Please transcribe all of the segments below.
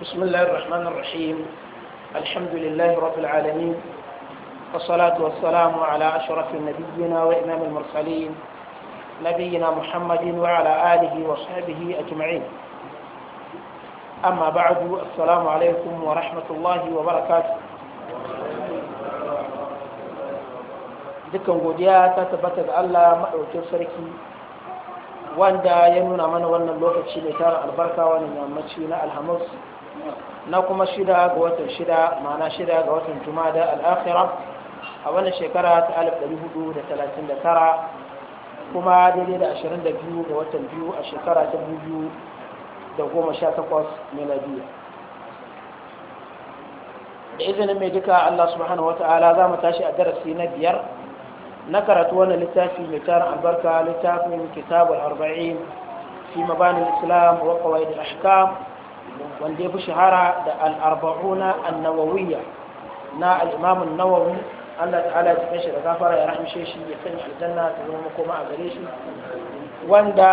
بسم الله الرحمن الرحيم الحمد لله رب العالمين والصلاة والسلام على أشرف نبينا وإمام المرسلين نبينا محمد وعلى آله وصحبه أجمعين أما بعد السلام عليكم ورحمة الله وبركاته dukkan godiya ta tabbata ga Allah maɗaukin sarki wanda ya nuna mana wannan lokaci mai tara albarka wannan yammaci na na kuma shida ga watan shida ma'ana shida ga watan jumada al'akhira a wannan shekara ta 1439 kuma daidai da 22 ga watan biyu a shekara ta 2018 miladiya da izinin mai duka Allah subhanahu wa ta'ala za mu tashi a darasi na biyar na karatu wani littafi mai tarin albarka littafin kitabul arba'in fi mabanin islam wa kawai da ahkam wanda ya fi shahara da al'arba'una annawawiyya na al'imamun nawawi Allah ta'ala ya shi da zafara ya rahamshe shi ya sanya aljanna ta zama makoma a gare shi wanda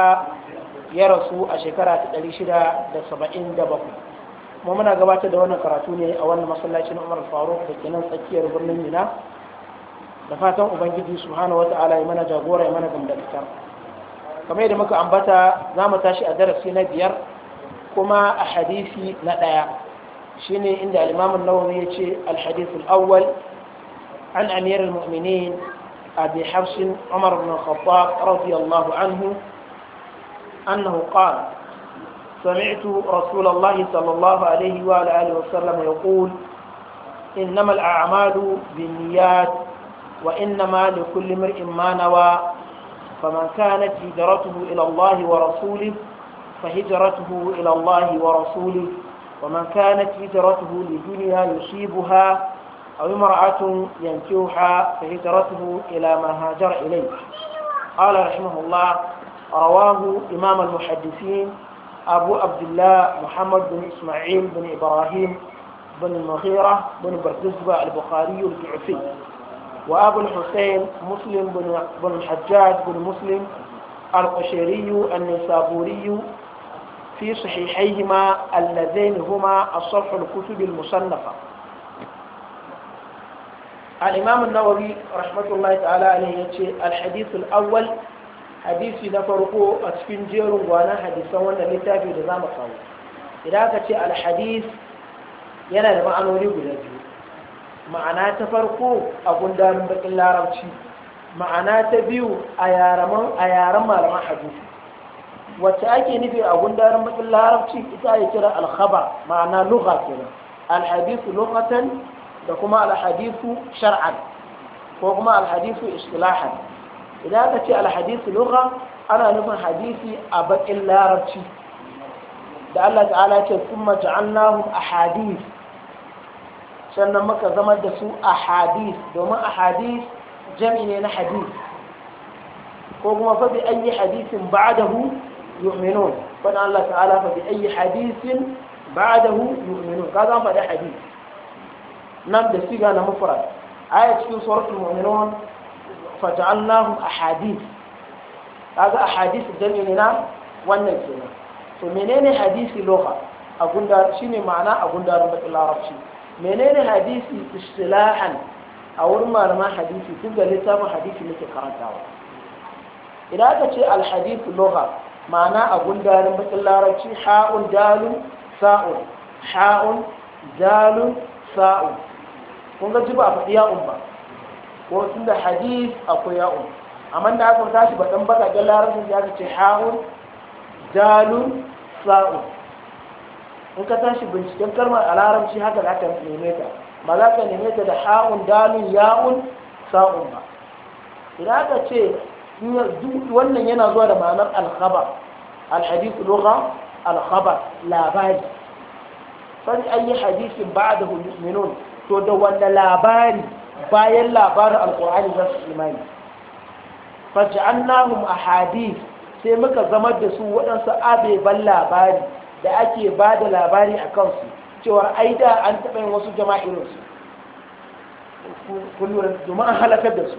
ya rasu a shekara ta ɗari shida da saba'in da bakwai kuma muna gabatar da wannan karatu ne a wannan masallacin umar faruk da ke nan tsakiyar birnin mina da fatan ubangiji subhanahu ta'ala ya mana jagora ya mana gamdakatar kamar yadda muka ambata za mu tashi a darasi na biyar كما أحاديثي ندايا شيني عند الإمام النووي الحديث الأول عن أمير المؤمنين أبي حفص عمر بن الخطاب رضي الله عنه أنه قال سمعت رسول الله صلى الله عليه وآله وسلم يقول إنما الأعمال بالنيات وإنما لكل امرئ ما نوى فمن كانت هجرته إلى الله ورسوله فهجرته إلى الله ورسوله ومن كانت هجرته لدنيا يصيبها أو امرأة ينكوها فهجرته إلى ما هاجر إليه قال رحمه الله رواه إمام المحدثين أبو عبد الله محمد بن إسماعيل بن إبراهيم بن المغيرة بن بردزبة البخاري الجعفي وأبو الحسين مسلم بن الحجاج بن مسلم القشيري النسابوري fi sahihayhima allazain huma as-sarh al-kutub al-musannafa al-imam an-nawawi rahmatullahi ta'ala alayhi ya ce hadith al-awwal hadisi na farko a cikin jerin gwanan hadisan wannan littafin da zamu kawo idan ka ce al yana da ma'anoni guda biyu ma'ana ta farko a gundarin bakin larabci ma'ana ta biyu a yaren malaman hadisi wacce ake nufi a gundarin bakin larabci ita ya kira alhabar ma'ana lugha kenan alhadisu lughatan da kuma alhadisu shar'an ko kuma alhadisu istilahan idan aka ce alhadisu lura ana nufin hadisi a bakin larabci da Allah ta'ala ce kuma a Hadis sannan muka zama da su Hadis domin ahadith jam'i ne na Hadis ko kuma fa bi Hadisin hadithin ba'dahu يؤمنون فان الله تعالى فبأي حديث بعده يؤمنون كذا ده حديث نعم ده سيغا مفرد آية في سورة المؤمنون فجعلناهم أحاديث هذا أحاديث جميلنا والنجينا فمنين حديث اللغة أقول دار شيني معنى أقول دار ربك الله رب شيني منين حديث اصطلاحا أو ما حديث تبقى لتام حديث مثل كرنتاوي دعوة إذا ce الحديث اللغة ma'ana a gundarin bakin larabci ha'un dalun sa'un ha'un dalun sa'un kun ga jiba a faɗi ya'un ba ko sun da hadis akwai ya'un amma da aka tashi ba ɗan ga larabci ya ce ha'un dalun sa'un in ka tashi binciken kalmar a larabci haka za ka neme ta ba za ka neme ta da ha'un dalun ya'un sa'un ba idan aka ce wannan yana zuwa da ma'anar alkhabar alhadithu lugha alkhabar labari an yi hadisin ba'dahu yu'minun to da wanda labari bayan labarin alqur'ani za su imani a Hadis sai muka zama da su waɗansu abeban labari da ake ba da labari a kansu cewar ai da an taɓa yin wasu jama'irinsu kullum domin an halakar da su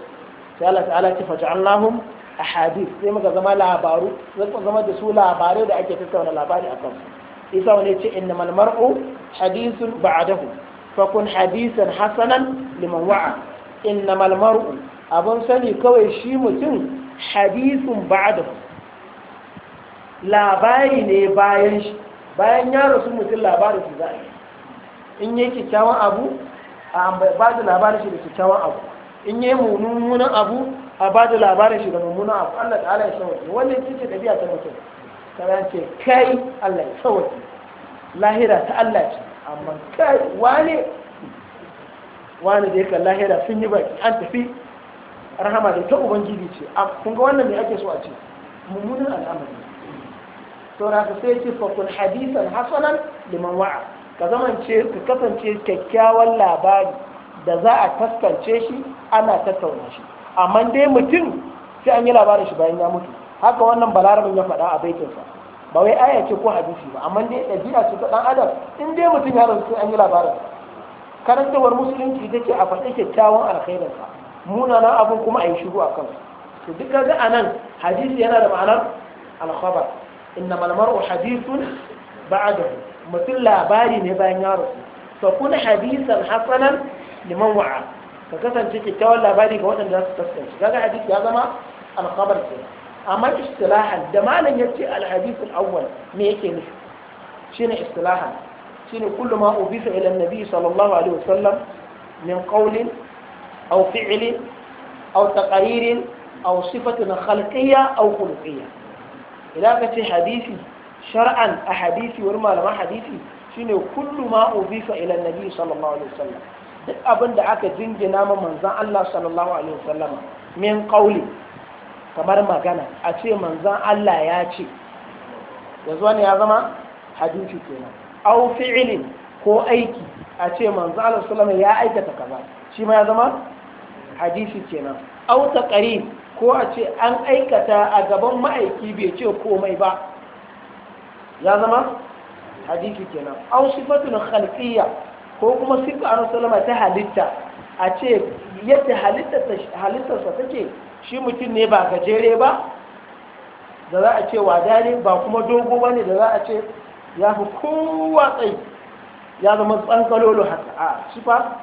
sai Allah ta'ala ce a ahadith sai muka zama labaru sai zama da su labarai da ake tattauna labari a su isa wani ce innamal mar'u hadithun ba'dahu fakun hadisan hasanan liman wa'a innamal mar'u abun sani kawai shi mutum hadithun ba'dahu labari ne bayan shi bayan ya rasu mutum labarin su yi in yi kyakkyawan abu a ba da labarin shi da kyakkyawan abu in yi mummunan abu a ba da labarin shi ga mummunan abu Allah ta'ala ya sauke wannan ita ce ɗabi'a ta mutum kana ce kai Allah ya sauke lahira ta Allah ce amma kai wane wane da yake lahira sun yi baki an tafi rahama da ta ubangiji ce kun ga wannan me ake so a ce mummunan al'amari na ka sai ce fakul hadisan hasanan liman wa'a ka zamance ka kasance kyakkyawan labari da za a taskance shi ana tattauna shi amma dai mutum sai an yi labarin shi bayan ya mutu haka wannan balarabin ya faɗa a baitinsa ba wai aya ce ko hadisi ba amma dai ɗabi'a ce ta ɗan adam in dai mutum ya rasu sai an yi labarin karantawar musulunci ita ce a faɗi kyakkyawan alkhairinsa munanan abin kuma a yi shigo a kansu to duk ga anan hadisi yana da ma'anar alkhabar innama almar'u hadithun ba'dahu mutum labari ne bayan ya rasu fa kun hadisan hasanan liman wa'a ka kasance kyakkyawan labari ga waɗanda za su kasance kaga hadisi ya zama alkhabar ke amma istilahan da malam ya ce alhadith al-awwal me yake nufi shine istilahan shine kullu ma ubisa ila annabi sallallahu alaihi wasallam min qawlin aw fi'lin aw taqririn aw sifatin khalqiyya aw khuluqiyya idan ka ce hadisi shar'an a hadisi wurin malaman hadisi shine kullu ma ubisa ila annabi sallallahu alaihi wasallam duk abin da aka jingina ma manzan Allah sallallahu alaihi wasallama min qauli kamar magana a ce manzan Allah ya ce yanzu wani ya zama hadisi kenan au fi'ilin ko aiki a ce manzan Allah sallallahu ya aikata kaza shi ma ya zama hadisi kenan au taqrib ko a ce an aikata a gaban ma'aiki bai ce komai ba ya zama hadisi kenan au sifatun khalqiyya ko kuma sifa a salama ta halitta a ce yadda halittarsa take shi mutum ne ba gajere ba da za a ce wadare ba kuma dogo ba ne da za a ce ya fi kowa tsayi ya zama tsankalolo haka a sifa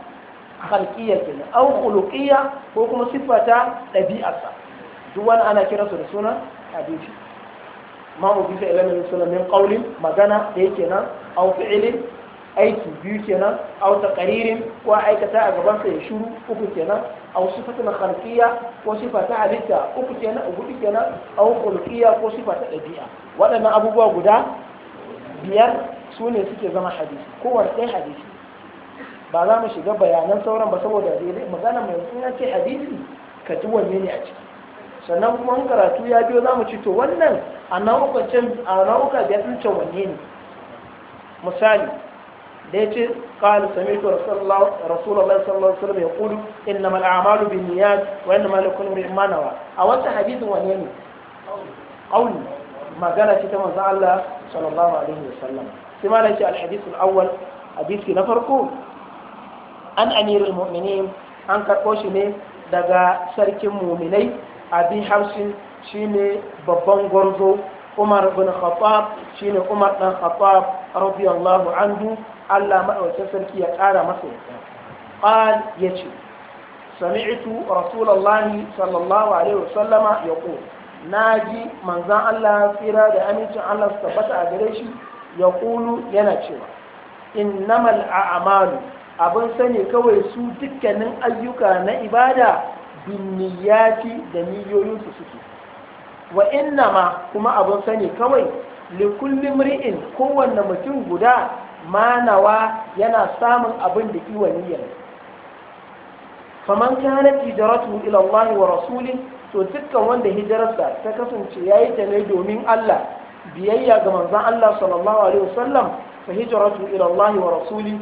halkiyya kenan an kulukiya ko kuma sifa ta ɗabi'arsa duk wani ana su da suna abinci ma mu ilimin suna min ƙaunin magana da yake nan au fi'ilin aiki biyu kenan wata taqririn ko aikata a gabansa ya shiru uku kenan aw sifatun khalqiyya ko sifa ta halitta uku kenan uku kenan aw khulqiyya ko sifa ta dabi'a waɗannan abubuwa guda biyar su ne suke zama hadisi wani ɗaya hadisi ba za mu shiga bayanan sauran ba saboda magana mai sun yace hadisi ka ji wanne ne a ciki sannan kuma an karatu ya biyo za mu ci to wannan a nau'uka biyar ɗin wanne ne misali da ya ce ƙala sami to rasulallah sallallahu alaihi wasallam ya kudu inna mal a'malu bin niyyat wa inna mal kullu imrin a wannan hadisin wane ne auni magana ce ta manzo Allah sallallahu alaihi wasallam sai ma ce al hadith al awwal hadisi na farko an amirin mu'minin an karɓo shi ne daga sarkin muminai abin hamsin shine babban gwarzo umar bin khattab shine umar dan khattab radiyallahu anhu Allah madaukakin sarki ya ƙara masa yadda qal yace sami'tu rasulullahi sallallahu alaihi wasallama yaqul naji manzon Allah tsira da amincin Allah su tabbata a gare shi yaqulu yana cewa innamal a'malu abin sani kawai su dukkanin ayyuka na ibada binniyati da niyoyinsu suke wa innama kuma abun sani kawai likulli mri'in kowanne mutum guda manawa yana samun abin da iwa niyyar faman kanat hijratu ila Allah wa rasuli to dukkan wanda hijararsa ta kasance yayi ta ne domin Allah biyayya ga manzon Allah sallallahu alaihi wasallam fa hijratu ila Allah wa rasuli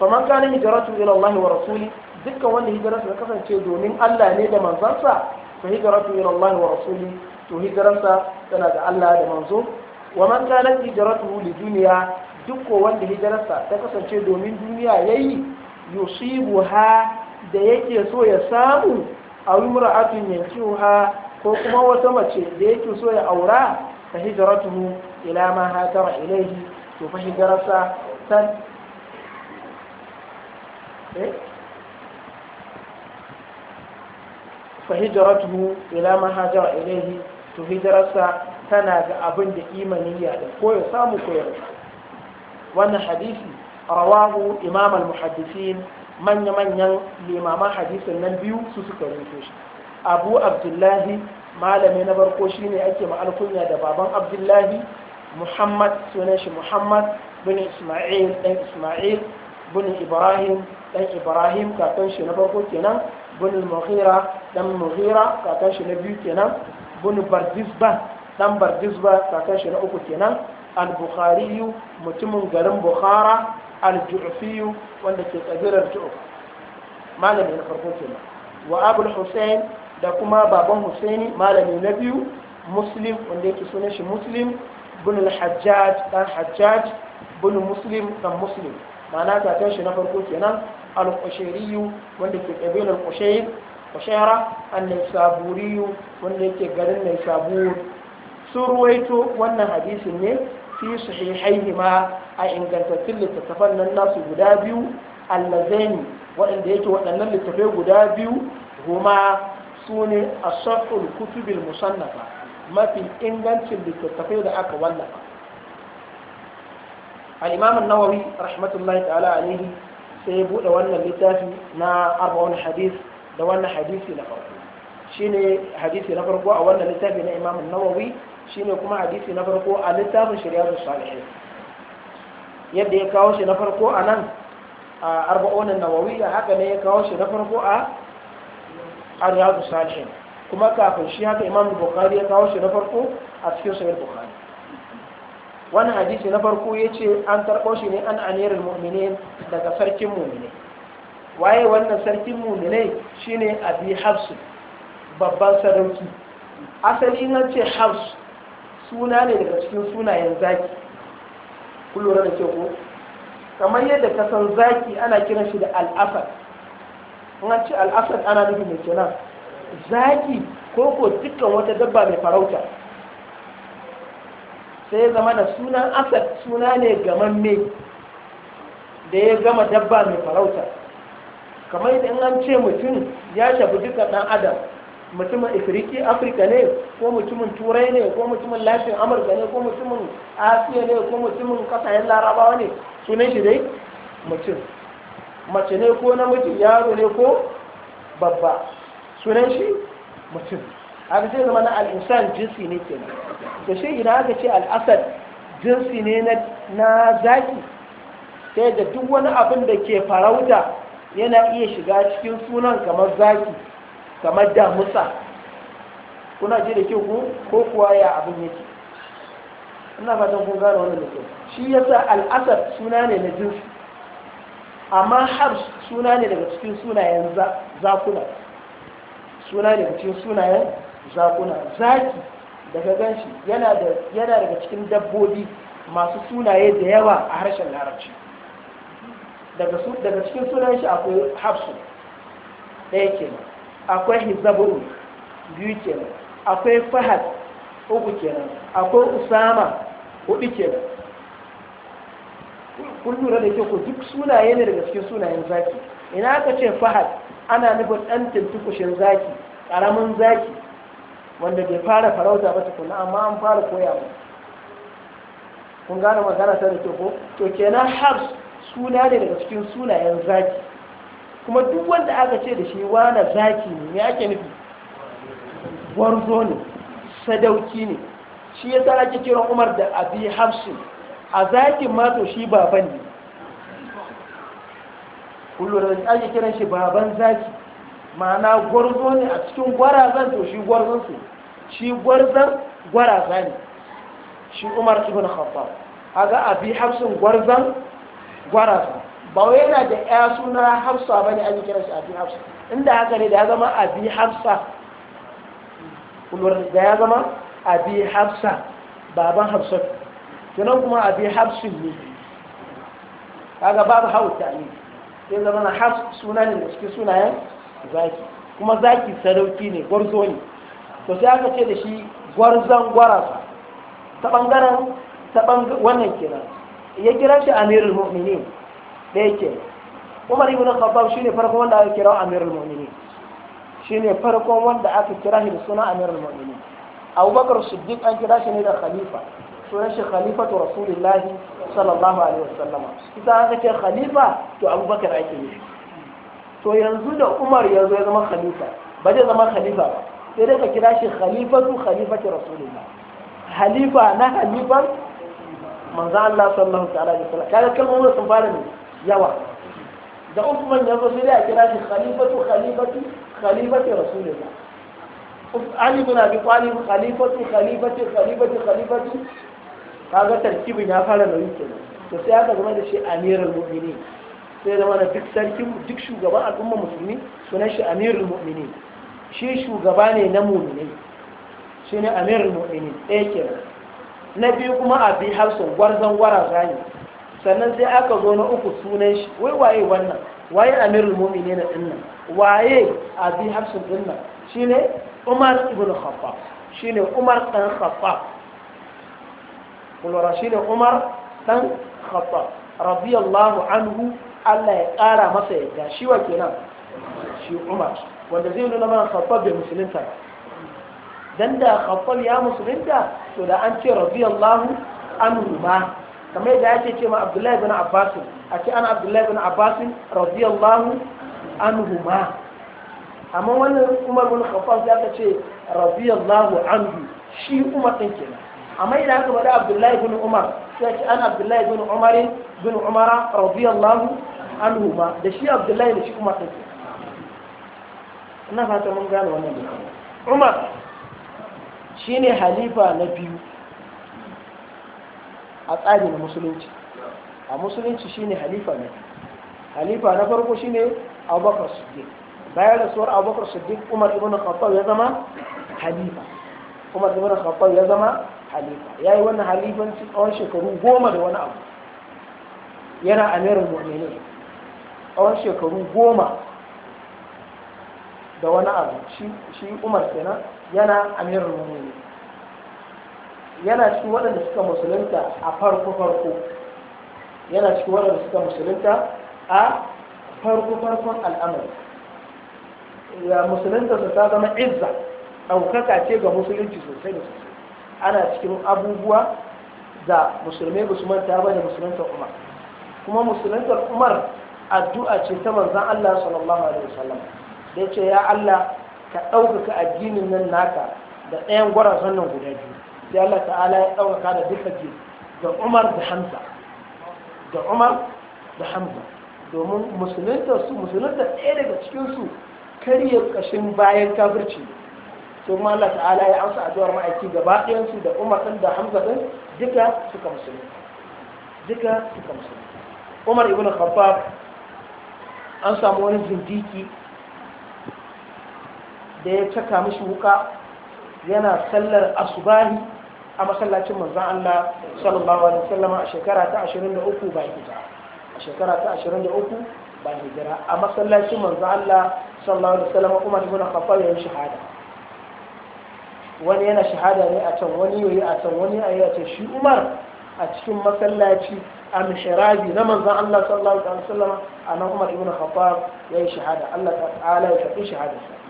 faman kanat hijratu ila Allah wa rasuli dukkan wanda hijararsa ta kasance domin Allah ne da manzansa fa hijratu ila Allah wa rasuli to hijararsa tana da Allah da manzo wa man kana hijratuhu li dunya duk wanda hijrarsa ta kasance domin duniya yayi yusibuha da yake so ya samu a imra'atun yankiha ko kuma wata mace da yake so ya aura ta hijratuhu ila ma hatara ilayhi to fa hijrarsa san eh? fa hijratuhu ila ma ilayhi to hijrarsa tana ga abin da ya da ko ya samu ko wannan hadisi rawahu imam al-muhaddisin manya-manyan limaman hadisin nan biyu su suka rubuto shi abu abdullahi malami na barko shine ake ma'alkunya da baban abdullahi muhammad sunan shi muhammad bin isma'il dan isma'il bin ibrahim dan ibrahim kakan shi na farko kenan bin mughira dan mughira kakan shi na biyu kenan bin barzizba dan bardisba kakan shi na uku kenan al bukhariyu mutumin garin bukhara al-ju'fi wanda ke kabilar ju'f malami na farko kenan wa abul da kuma baban husaini malami na biyu muslim wanda yake sunan shi muslim bin al-hajjaj dan hajjaj bin muslim dan muslim mana kakan shi na farko kenan al-qushayri wanda ke kabilar qushayr qushayra an-naysaburi wanda yake garin naysabur sun ruwaito wannan hadisin ne fi haihima ma a ingantattun littattafan nan nasu guda biyu allazaini waɗanda yake waɗannan littattafai guda biyu huma su ne a sahul kutubil musannafa mafi ingancin littattafai da aka wallafa al-imam nawawi rahmatullahi ta'ala alaihi sai ya buɗe wannan littafi na arba'un hadis da wannan hadisi na farko shine hadisi na farko a wannan littafi na imam nawawi shine kuma hadisi na farko a littafin da salihin yadda ya kawo shi na farko a nan a arba'onin a haka ne ya kawo shi na farko a da salihin kuma kafin shi haka imam bukhari ya kawo shi na farko a cikin sahih bukhari Wani hadisi na farko ya ce an karɓo shi ne an aniyar mu'minin daga sarkin mu'minai waye wannan sarkin mu'minai shine abi hafsu babban sarauki asali na ce hafsu suna ne daga cikin sunayen zaki kun da ke ko kamar yadda ka san zaki ana kiran shi da al'asar, an ce ana nufin mai kenan zaki ko ko dukkan wata dabba mai farauta sai zama da sunan asad suna ne gamamme da ya gama dabba mai farauta kamar yadda an ce mutum ya shafi dukkan ɗan adam mutumin ifiriki afirka ne ko mutumin turai ne ko mutumin latin amurka ne ko mutumin asiya ne ko mutumin kasayen larabawa ne sunan shi dai mutum mace ne ko namiji yaro ne ko babba sunan shi mutum abu zai zama na al'insan jinsi ne ke da shi idan aka ce al'asar jinsi ne na zaki sai da duk wani abin da ke farauta yana iya shiga cikin sunan kamar zaki kamar da musa kuna ce da kyau ko kuwa ya abin yake ina fatan kun gano wannan da kyau shi yasa al'asar suna ne na jinsi amma har suna ne daga cikin sunayen zakuna suna ne daga cikin sunayen zakuna zaki daga ganshi yana daga cikin dabbobi masu sunaye da yawa a harshen larabci daga cikin sunayen shi akwai hafsu ɗaya kenan akwai hizabu biyu kenan akwai fahad uku kenan akwai usama hudu kenan kun lura da ke duk sunaye ne daga cikin sunayen zaki ina aka ce fahad ana nufin ɗan tuntukushin zaki ƙaramin zaki wanda bai fara farauta ba tukuna amma an fara koya ba kun gane magana ta da ke ko to kenan habs suna ne daga cikin sunayen zaki kuma duk wanda aka ce da shi wane zaki ne ya ake nufi gwarzo ne sadauki ne shi ya tsara ke kiran umar da abi hafsin a zakin mato shi baban ne kullum da ake kiran shi baban zaki ma'ana gwarzo ne a cikin gwarazan to shi gwarzon su shi gwarzon gwaraza ne shi umar ibn khattab aga abi hafsin gwarzon gwaraza ba wai yana da ya suna hafsa ba ne ake kira shi abi hafsa inda haka ne da ya zama abi hafsa kullum da ya zama abi hafsa baban hafsa kenan kuma abi hafsin ne kaga babu hawa ne sai zama na hafs suna ne da suke sunayen zaki kuma zaki sarauki ne gwarzo ne to sai aka ce da shi gwarzon gwarasa ta bangaren ta bangaren wannan kira ya kira shi amirul mu'minin ɗaya ke umar ibn khattab shine farkon wanda aka kira amirul mu'minin shine farkon wanda aka kira shi da suna amirul mu'minin abubakar siddiq an kira shi ne da khalifa sunan shi khalifatu rasulillahi sallallahu alaihi wasallama idan aka ce khalifa to abubakar ake nufi to yanzu da umar yanzu ya zama khalifa ba zai zama khalifa ba sai dai ka kira shi khalifatu khalifati rasulillah khalifa na khalifar manzo Allah sallallahu ta'ala alaihi wasallam kaga kalmomin sun fara ne yawa da Uthman ya zo sai ya kira shi khalifatu khalifatu khalifatu rasulullah Ali bin Abi Talib khalifatu khalifatu khalifatu khalifatu kaga tarkibin ya fara nauyi kenan to sai aka zama da shi amirul mu'minin sai zama da duk sarkin duk shugaban al'umma musulmi sunan shi amirul mu'minin shi shugaba ne na mu'minai shi ne amirul mu'minin ɗaya kenan na biyu kuma abi hafsun gwarzan gwara zani sannan sai aka zo na uku sunan shi wai waye wannan waye amirul mu'minin din nan waye abi hafsin din nan shine umar ibn khattab shine umar dan khattab shine umar dan khattab radiyallahu anhu Allah ya kara masa yadda shi wa kenan shi umar wanda zai nuna mana khattab da musulunta danda dan da khattab ya musulunta to da an ce radiyallahu anhu ma kamar yadda ake ce ma abdullahi bin abbas a ce ana abdullahi bin abbas radiyallahu anhuma amma wannan umar bin khattab ya ta ce radiyallahu anhu shi umar din kenan amma idan aka bada abdullahi bin umar sai ce ana abdullahi bin umar bin umara radiyallahu anhuma da shi abdullahi da shi umar din ina fata mun gane wannan da umar shine halifa na biyu a tsari na musulunci a musulunci shine halifa ne halifa na farko shine abubakar siddiq bayan rasuwar abubakar siddiq umar ibn khattab ya zama halifa umar ibn khattab ya zama halifa yayi wannan halifanci tsawon shekaru goma da wani abu yana amirul mu'minin tsawon shekaru goma da wani abu shi umar kenan yana amirul mu'minin yana cikin waɗanda suka musulunta a farko farko yana cikin waɗanda suka musulunta a farko farkon al'amari ya musulunta su ta zama izza ɗaukaka ce ga musulunci sosai da sosai ana cikin abubuwa da musulmai ba su manta ba da musulunta umar kuma musulunta umar addu'a ce ta manzan Allah sallallahu alaihi wasallam da ce ya Allah ka ɗaukaka addinin nan naka da ɗayan gwarazan nan guda biyu sai Allah ta'ala ya ɗaukaka da duka ke da Umar da Hamza da Umar da Hamza domin musulunta su musulunta ɗaya daga cikin su karye kashin bayan kafirci to ma Allah ta'ala ya amsa addu'ar ma'aiki gaba ɗayan su da Umar ɗin da Hamza ɗin duka suka musulun. duka suka musulunta Umar ibn Khattab an samu wani zindiki da ya caka mishi wuka yana sallar asubahi a masallacin manzan Allah sallallahu alaihi wasallam a shekara ta 23 ba hijira a shekara ta 23 ba hijira a masallacin manzan Allah sallallahu alaihi wasallam kuma ibn Khattab ya shahada wani yana shahada ne a can wani yayi a can wani yayi a can shi Umar a cikin masallaci a mishrabi na manzan Allah sallallahu alaihi wasallam a nan Umar ibn Khattab ya yi shahada Allah ta'ala ya tafi shahadarsa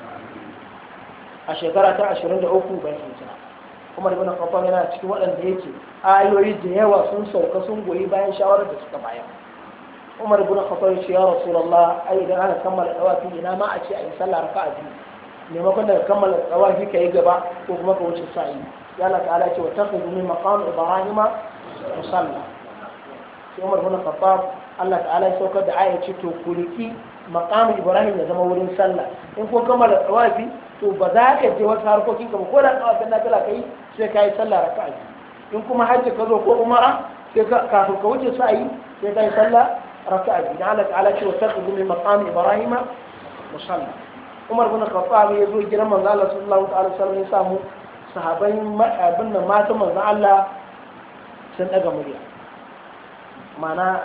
a shekara ta 23 bayan hijira umar ibn khattab yana cikin waɗanda yake ayoyi da yawa sun sauka sun goyi bayan shawarar da suka bayar umar ibn khattab ya ce ya rasulullah ai idan ana kammala tsawafi ina ma a ce a yi sallah raka'a biyu maimakon daga kammala tsawafi ka yi gaba ko kuma ka wuce sa'i ya Allah ta'ala ce wa takhudhu min maqam ibrahim musalla sai umar ibn khattab Allah ta'ala ya saukar da ayaci to kuliki maqamu ibrahim ya zama wurin sallah in ko kammala tawafi to ba za ka je wasu harkokin ka ba ko da tsawafin na kala kai sai ka yi sallah raka'a in kuma hajji ka zo ko umara sai ka kafin ka wuce sa'i sai ka yi sallah raka'a biyu na Allah ta'ala ce wa sarki gumi maqamu ibrahim musalla umar bin khattab ya zo gidan manzo Allah sallallahu alaihi wasallam ya samu sahabai abin nan mata manzo Allah sun daga murya mana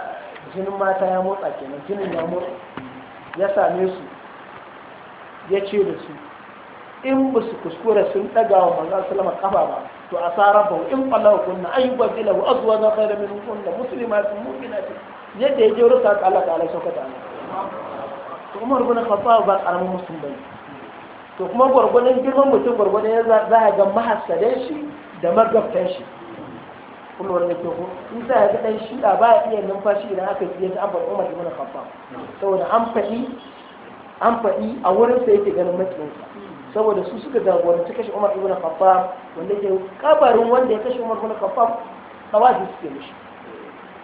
jinin mata ya motsa kenan jinin ya motsa ya same su ya ce da su in ba su kuskura sun daga wa manzan salama kafa ba to a tsara ba in kwallo kunna ayyukan wa azuwa za kai da min kunna musulma sun ce yadda ya jero sa Allah ta Allah saukata Allah to Umar rubunan kafa ba karamin musulmi bane to kuma gwargwanin girman mutum gwargwanin ya za ga mahassadan shi da magabtan shi kuma wanda ke ko in sa ga dan shida ba iya numfashi idan aka yi ta abba Umar ibn Khattab saboda an faɗi an fadi a wurin sa yake ganin matsayin saboda su suka jagoranci kashe Umar ibn Khattab wanda ke kabarin wanda ya kashe Umar ibn Khattab tawazi suke mishi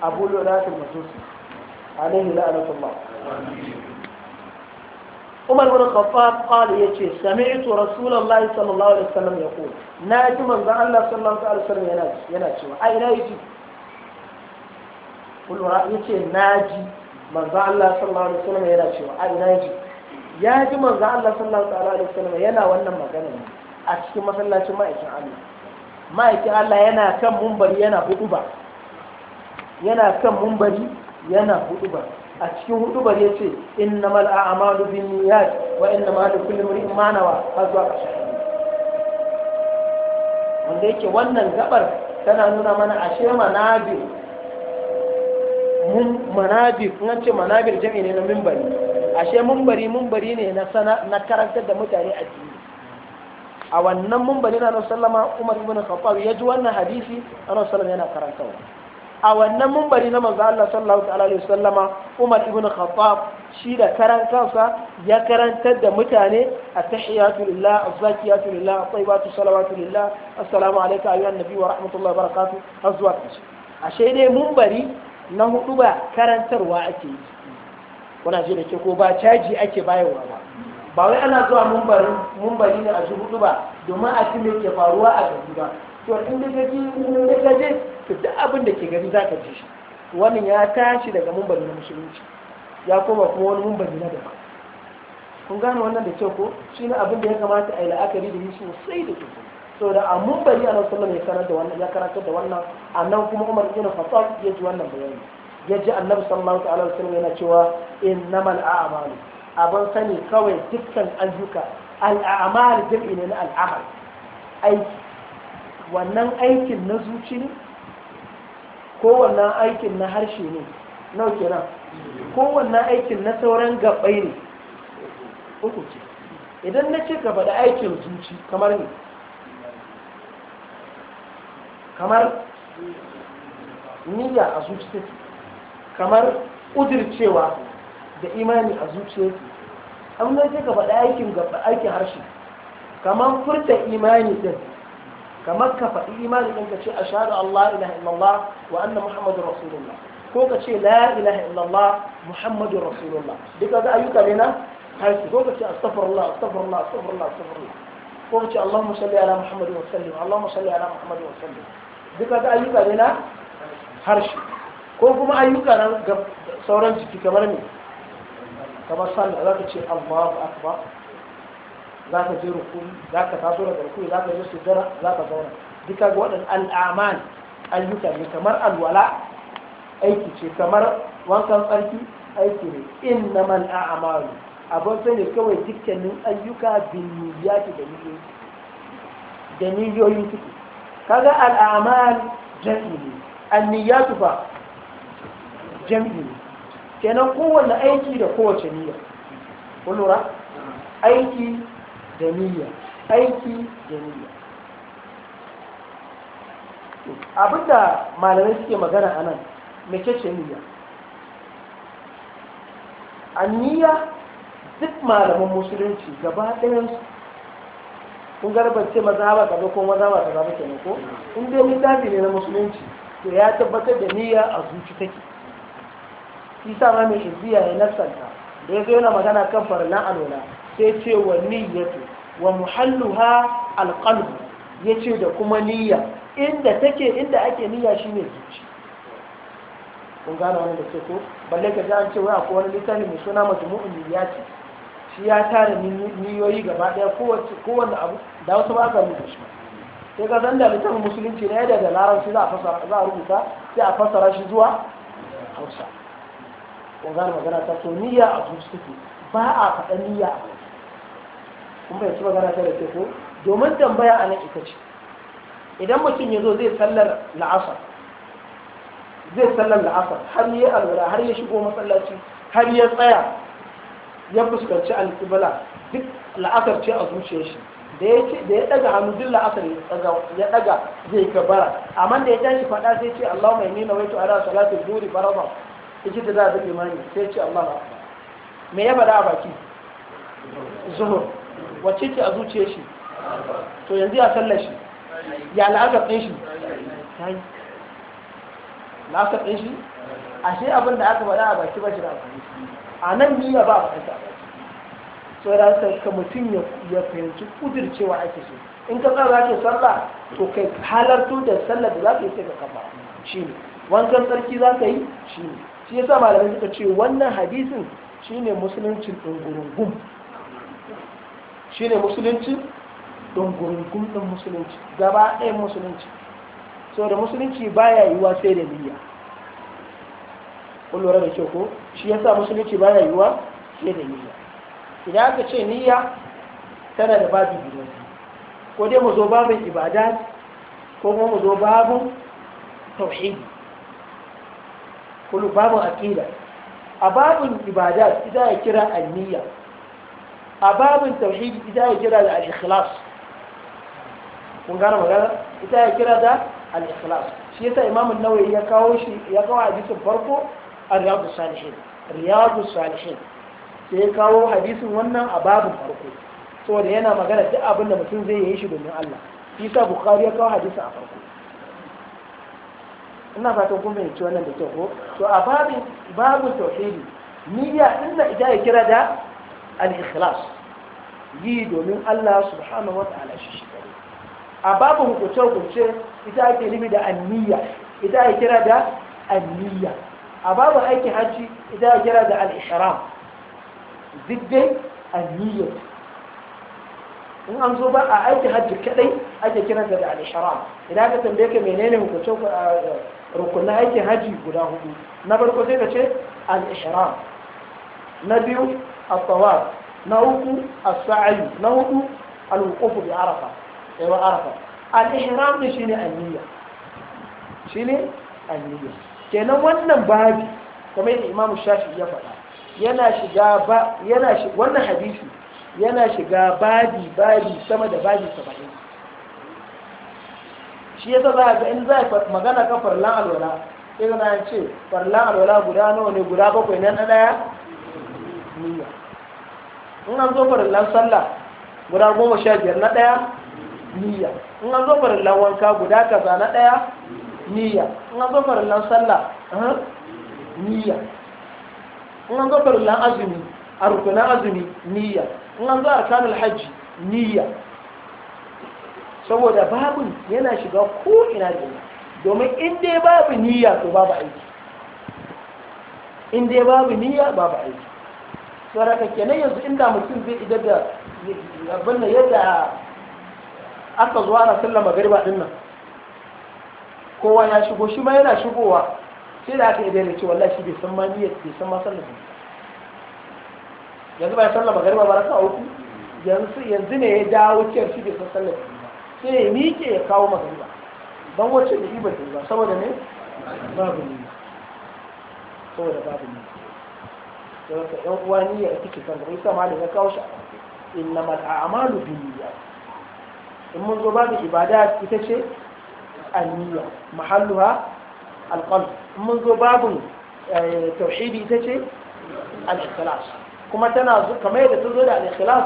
Abu Lu'lu'at al-Majusi alaihi la'natullah umar bin khattab qala yace sami'tu rasulullahi sallallahu alaihi wasallam yaqul na ji manzon Allah sallallahu alaihi wasallam yana yana cewa ai na yi kulura yace na ji manzon Allah sallallahu alaihi wasallam yana cewa ai na ji ya ji manzon Allah sallallahu alaihi wasallam yana wannan magana ne a cikin masallacin ma'aikin Allah ma'aikin Allah yana kan mumbari yana yana kan mumbari yana hudu ba a cikin hudu ba ya ce innamal a'malu bin niyyat wa innamal likulli imrin ma nawa har zuwa ƙarshen wanda yake wannan gabar tana nuna mana ashe manabir mun manabir kun ce manabir jami ne na mimbari ashe mumbari mumbari ne na sana na karantar da mutane addini a wannan mumbari na Annabi sallama Umar ibn Khattab ya ji wannan hadisi Annabi sallama yana karantawa a wannan mumbari na manzo Allah sallallahu alaihi wasallama Umar ibn Khattab shi da karan kansa ya karantar da mutane at-tahiyatu lillah az-zakiyatu lillah at-tayyibatu salawatu lillah assalamu alayka ayyuhan nabiy wa rahmatullahi wa barakatuh azwa ashe dai mumbari na hudu ba karantarwa ake yi wana ji da ke ko ba caji ake bayarwa ba ba wai ana zuwa mumbari ne a ji hudu ba domin a ci me ke faruwa a gari ba to in da kaji in da kaji to duk abin da ke gari za ka ji shi wannan ya tashi daga mumbari na musulunci ya koma kuma wani mumbari na daban kun gane wannan da kyau ko shi ne abin da ya kamata a yi la'akari da shi sosai da so da a mumbari a nan sallam ya karar da wannan ya karantar da wannan a nan kuma umar ibn khattab ya ji wannan bayani ya ji annabi sallallahu alaihi wasallam yana cewa innamal a'malu abin sani kawai dukkan ayyuka al'amal jam'i ne na al'amal aiki wannan aikin na zuci ne kowannan aikin na harshe ne nau kenan kowannan aikin na sauran gabai ne uku ce idan na ce gaba da aikin zuci kamar ne kamar niyya a zuci take kamar ƙudircewa da imani a zuciya yake an na ce gaba da aikin harshe kamar furta imani din kamar ka faɗi imani ɗin ka ce ashhadu Allah ilaha illallah wa anna muhammadu rasulullah ko ka ce la ilaha illallah muhammadu rasulullah duka ga ayyuka ne na harshe ko ka ce astaghfirullah astaghfirullah astaghfirullah astaghfirullah ko ka ce allahumma salli ala muhammad wa sallim allahumma salli ala muhammad wa sallim duka ga ayyuka ne na harshe ko kuma ayyuka na sauran jiki kamar ne kamar sallah za ka ce allahu akbar za ka je ruku za ka taso daga ruku za ka je sujjara za ka zauna duka ga waɗannan al'aman ayyuka ne kamar alwala aiki ce kamar wankan tsarki aiki ne innamal a'malu abin sai ne kawai dukkanin ayyuka bin niyyati da niyyoyi da niyyoyi suke kaga al'amal jam'i ne anniyatu fa jam'i ne kenan kowanne aiki da kowace niyya kun lura aiki da aiki da abinda malamai suke magana a nan ce niyya a niyya duk malaman musulunci gaba ɗayansu kun garbance maza ba kaza ko maza ba kaza ke kenan ko in dai tafi ne na musulunci to ya tabbatar da niyya a zuci take shi sa ma mai izziya ya nasanta da ya zo yana magana kan a alola sai ce wa niyyatu wa muhalluha alqalb yace da kuma niyya inda take inda ake niyya shine zuci kun gano wannan da ko balle ka ji an ce wai akwai wani littafi mai suna ya niyyati shi ya tara niyoyi gaba daya kowace kowanne abu da wasu ba ka rubuta shi sai ka san da littafin musulunci na yadda da larabci za a fasara za a rubuta sai a fasara shi zuwa hausa kun gano magana ta to niyya a zuci take ba a faɗa niyya a zuci kun bai ci magana ta da teku. ko domin tambaya a nan ita ce idan mutum ya zo zai sallar la'asar zai sallar la'asar har ya alwala har ya shigo masallaci har ya tsaya ya fuskanci alƙibala duk la'asar ce a zuciya shi da ya daga hannu duk la'asar ya daga zai kabara amma da ya tashi faɗa sai ce Allah mai nina waito ala salatul duri faraba ita da za ta mani sai ce Allah na me ya faɗa a baki zuhur wace ke a zuciyar shi to yanzu ya sallar shi ya la'asar ɗin shi la'asar ɗin shi ashe abin da aka faɗa a baki ba shi da a nan niyya ba a faɗa ta so da rasa ka mutum ya fahimci cewa ake so in ka tsara ake salla to kai halartu da sallar da za ka yi sai ka kafa shi ne wankan tsarki za ka yi shi ne shi yasa malamai suka ce wannan hadisin shine musuluncin ɗungurungun ne musulunci don gurgun din musulunci gaba ɗayan musulunci da musulunci ba yi yiwa sai da niyya kullura da kyau ko shi yasa musulunci ba yi yiwa sai da niyya idan aka ce niyya tana da babu biyu ko dai mu zo babin ibada ko kuma mu zo babin tauhidi kullum babin aqida a babin ibada idan ya kira aniyya a babin tauhidi ita ya kira da al-ikhlas kun gane magana ita ya kira da al-ikhlas shi yasa imam an-nawawi ya kawo shi ya kawo hadisin farko a riyadu salihin riyadu salihin sai ya kawo hadisin wannan a babin farko saboda yana magana duk abin da mutum zai yi shi domin Allah shi yasa bukhari ya kawo hadisin a farko ina fatan kun fahimci wannan da kyau ko to a babin babu tauhidi niyya din da ita ya kira da al yi domin Allah subhanahu wa ta'ala shi shi kare a babu hukunce hukunce ita ake limi da anniya ita ake kira da anniya a babu aikin hajji ita ake kira da al-ihram ziddin anniya in an zo ba a aiki hajji kadai ake kiransa da al-ihram idan ka tambaye ka menene hukunce rukunan aikin hajji guda hudu na farko sai ka ce al-ihram na biyu at-tawaf na uku as-sa'i na hudu al-wuquf bi arafa sai wa arafa al-ihram ne shine anniya shine anniya kenan wannan babi kamar yadda Imam Shafi'i ya faɗa yana shiga ba yana shi wannan hadisi yana shiga babi babi sama da babi 70 shi yasa za ga in za ka magana kafar lan alwala sai ga ce farlan alwala guda nawa ne guda bakwai nan na daya niyya in an zo lan sallah guda goma sha biyar na ɗaya niyya in an zo farin lan wanka guda kaza na ɗaya niyya in an zo farin lan sallah niyya in an zo farin lan azumi a rukunan azumi niyya in an zo arkanul hajji niyya saboda babu yana shiga ko ina da ina domin in dai babu niyya to babu aiki in dai babu niyya babu aiki saraka kenan yanzu inda mutum zai idar da abin da yadda aka zuwa ana sallar magariba din nan kowa ya shigo shi ma yana shigowa sai da aka idar da ce wallahi shi bai san ma niyyar bai san ma sallar yanzu ba ya sallar magariba ba raka uku yanzu ne ya dawo kiyar shi bai san sallar sai ya miƙe ya kawo magariba don wacce da ibar ba saboda ne babu ne saboda babu ne da wata yan uwa niyya ita ce kan da ita malam ya kawo shi a farko innamal a'malu binniyat in mun zo babu ibada ita ce aniyya mahalluha alqalb in mun zo babu eh, tauhidi ita ce al-ikhlas kuma tana kamar yadda ta zo da al-ikhlas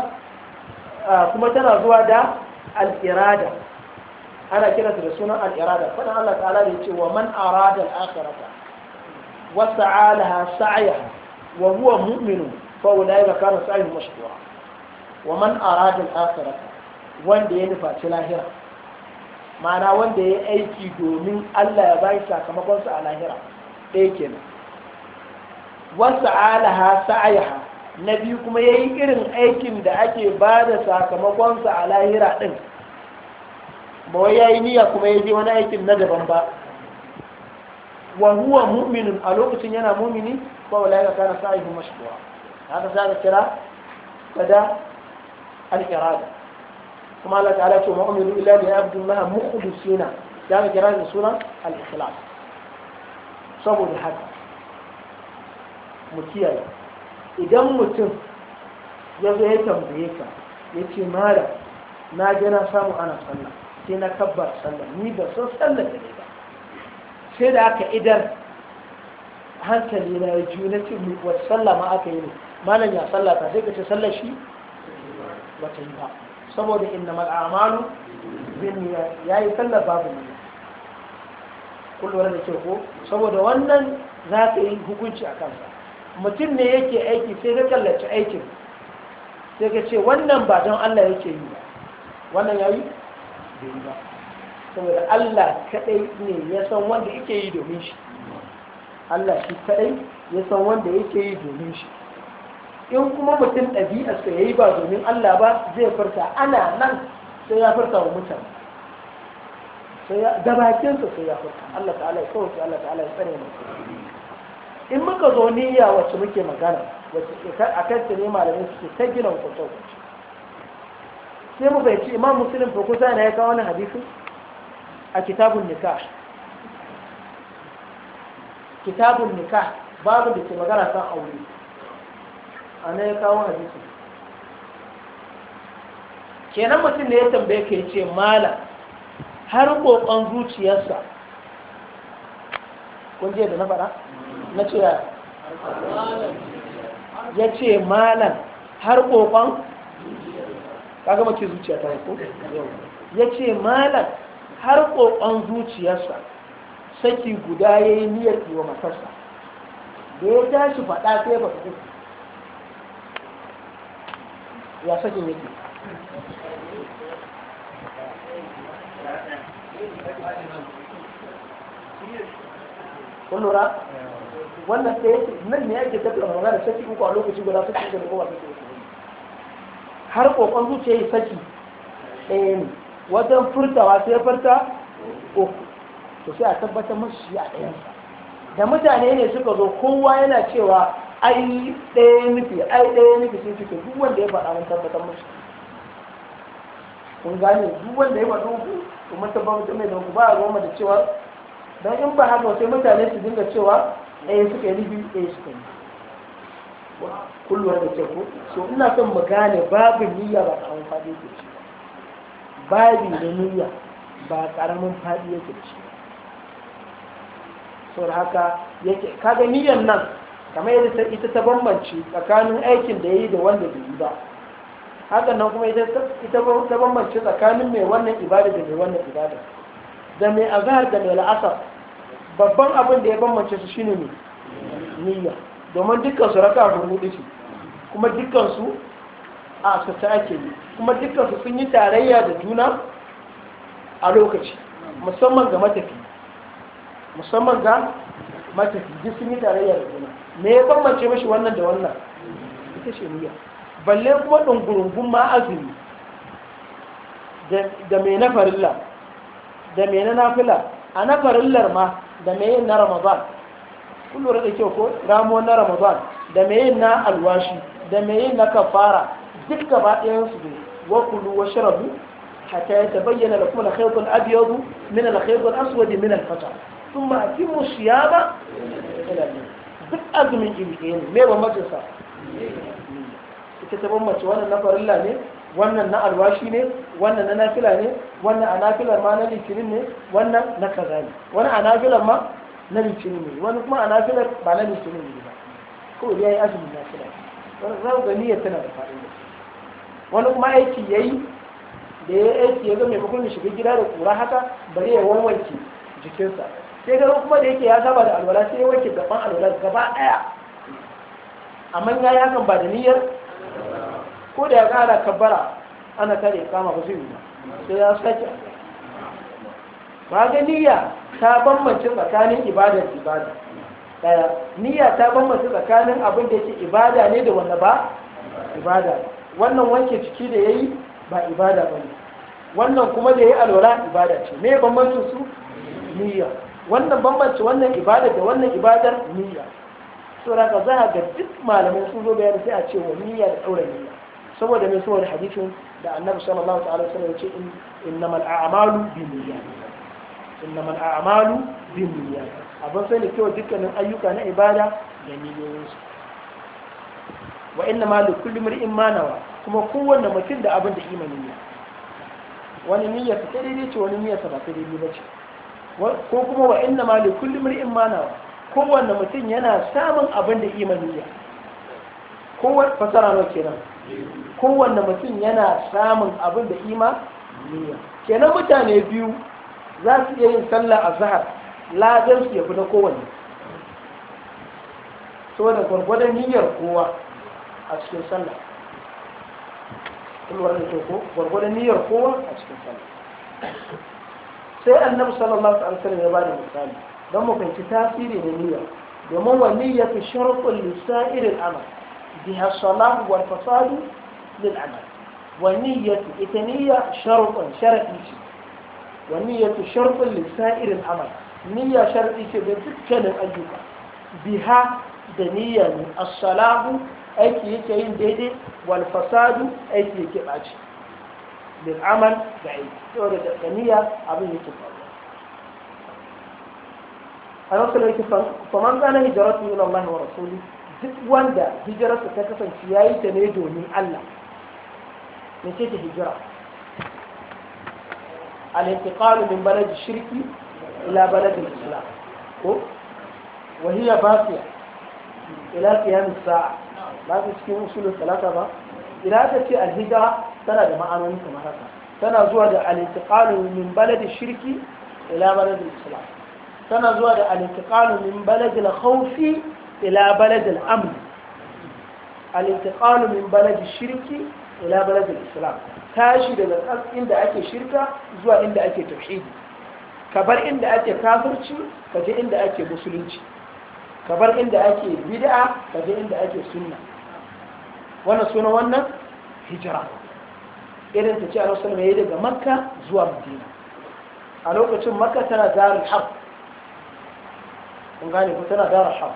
ah, kuma tana zuwa da al-irada ana kira da sunan al-irada fadan Allah ta'ala ya ce wa man arada al-akhirata wa sa'alaha sa'yaha wa huwa mu'minu fa ulaika kana sa'ihum mashkura wa man arada al-akhirah wanda ya nufaci lahira ma'ana wanda ya aiki domin Allah ya bai sakamakon sa a lahira ɗaya kenan wasu alaha sa'ayaha na biyu kuma ya yi irin aikin da ake ba da sakamakonsa a lahira ɗin ba wai ya yi niyya kuma ya je wani aikin na daban ba wa huwa mu'minun a lokacin yana mu'mini fa wala ya kana sa'ihu mashkura haka za ka kira kada al-irada kuma Allah ta'ala ce mu'minu illa bi abdullahi mukhlisina za ka kira da sunan al-ikhlas saboda haka mu kiyaye idan mutum ya zo ya tambaye ka ya ce mara na je na samu ana sallah sai na kabbar sallah ni ba san sallah da ne ba sai da aka idar hankali na ya ji na wata sallah ma aka yi ne malam ya sallah ta sai ka ce sallar shi ba ta yi ba saboda inna amalu bin ya yi sallar babu ne kullum da ke ko saboda wannan za ka yi hukunci a kansa mutum ne yake aiki sai ka kallaci aikin sai ka ce wannan ba don Allah yake yi ba wannan ya yi bai yi ba saboda Allah kadai ne ya san wanda yake yi domin shi Allah shi kadai ya san wanda yake yi domin shi in kuma mutum ɗabi'arsa ya yi ba domin Allah ba zai furta ana nan sai ya furta wa mutane da bakinsa sai ya furta Allah ta'ala ya kawo Allah ta'ala ya tsare mu in muka zo niyya wacce muke magana wacce a kan ta ne malamin suke ta gina hukunce hukunce sai mu fahimci imam musulun fa kusa na ya kawo wani hadisi a kitabun nikah kitabun nikah babu da ke magana kan aure a na ya kawo hadisi kenan mutum ne ya tambaye ka ce mala har kokon zuciyarsa kun je da na fara, na ce ya ce malam har kokon kaga mace zuciya ta haiko ya ce malam har ƙoƙon zuciyarsa saki guda ya yi niyyar yi wa matarsa da ya tashi faɗa ta ba su ya sakin yake kun lura wannan ta yake nan ne yake tafiya magana da saki uku a lokaci guda saki uku da kowa saki uku har ƙoƙon zuciya yi saki ɗaya ne wajen furtawa sai furta uku to sai a tabbatar masu shi a ɗayansa da mutane ne suka zo kowa yana cewa ai ɗaya nufi ai ɗaya nufi sun cikin duk wanda ya faɗa mun tabbatar masu kun gane duk wanda ya faɗa ku kuma tabbatar mai da ba a goma da cewa don in ba haka sai mutane su dinga cewa ɗaya suka yi nufi ɗaya suka yi kullum da ce ko so ina son mu gane babu niyya ba a wani faɗi ke babi da niyya ba karamin faɗi yake da shi da haka yake kaga niyyar nan kamar yadda ita ta bambance tsakanin aikin da ya yi da wanda bai yi ba haka nan kuma ita ta bambance tsakanin mai wannan ibada da mai wannan ibada da mai azhar da mai la'asar babban abin da ya bambance su shine ne niyya domin dukkan su raka hudu ce kuma dukkan su a asirce ake yi kuma dukkansu sun yi tarayya da juna a lokaci musamman ga matafi musamman ga matafi duk sun yi tarayya da juna me ya bambance mashi wannan da wannan ita ce niyya balle kuma ɗungurungun ma azumi da mai na farilla da mai na nafila a na farillar ma da mai yin na ramadan Kullum da kyau ko ramuwan na ramadan da mai yin na alwashi da mai yin na kafara duk gaba ɗayan su ne wa kulu wa sharabu hatta ya tabayyana lakum al-khayt al-abyad min al-khayt al-aswad min al-fajr thumma atimu siyaba ila duk azumin iri ne me ba mace sa ita ta bambance wannan na farilla ne wannan na alwashi ne wannan na nafila ne wannan a nafilar ma na litinin ne wannan na kaza ne wani a nafilar ma na litinin ne wani kuma a nafilar ba na litinin ne ba kawai ya yi azumin nafila wani zan ga niyyar tana da faɗin gaske wani kuma aiki ya yi da ya aiki ya zama maimakon ya shiga gida da kura haka bari ya wanwanke jikinsa sai gano kuma da yake ya saba da alwala sai ya wanke gaban alwala gaba daya amma ya yi hakan ba da niyyar ko da ya kara kabbara ana kare kama ba zai yi sai ya sake ba ga niyya ta bambancin tsakanin ibadar ibada daya niyya ta bambancin tsakanin abin da yake ibada ne da wanda ba ibada ba wannan wanke ciki da ya yi ba ibada ba ne wannan kuma da ya yi alwala ibada ce me bambancin su niyya wannan bambanci wannan ibada da wannan ibadar niyya saboda ka za a ga duk malamin sun zo bayani sai a ce wa niyya da ɗaura niyya saboda mai saboda hadisin da annabi sallallahu ta'ala sallallahu ya ce innamal a'malu binniyat innamal a'malu abin dukkanin ayyuka na ibada da niyyoyinsu wa inna ma li kulli mar'in ma nawa kuma kowanne mutum da abin da imanin ne wani niyya ta daidai ce wani niyya ta ba ta daidai ba ce ko kuma wa inna ma li kulli mar'in ma nawa kowanne mutum yana samun abin da imanin ne kowanne fasara nawa kenan kowanne mutum yana samun abin da ima niyya kenan mutane biyu za su iya yin sallah a zahar ladan su ya fi na kowanne saboda gwargwadon niyyar kowa أشكن سنة كل ورد يتوقف ورغول أن يرقوا أشكن سنة سأل النبي صلى الله عليه وسلم يبالي مثال دمو كان كتاثير النية دمو نية شرط لسائر العمل بها الصلاة والفصال للعمل ونية إتنية شرط شرط شرط لسائر العمل نية شرط إيشي بتتكلم بها دنية aiki yake yin daidai wal fasadu aiki yake baci bil amal da aiki saboda da niyya abin yake faru a rasul yake faman kana hijratu ila Allah wa rasuli duk wanda hijirarsa ta kasance yayi ta ne domin Allah ne ce ta hijira al-intiqalu min balad shirki ila balad al-islam ko wa hiya وهي ila qiyam قيام الساعة ba su cikin usulun talata ba idan aka ce alhijira tana da ma'anoni kamar haka tana zuwa da al-intiqalu min baladi shirki ila baladi islam tana zuwa da al min baladi al-khawfi ila baladi al-amn al-intiqalu min baladi shirki ila baladi islam tashi daga inda ake shirka zuwa inda ake tauhidi kabar inda ake kafirci je inda ake musulunci kabar inda ake bid'a je inda ake sunna wannan suna wannan hijira irin ta ce a ya mai daga makka zuwa madina a lokacin makka tana darul har kun gane ko tana darul har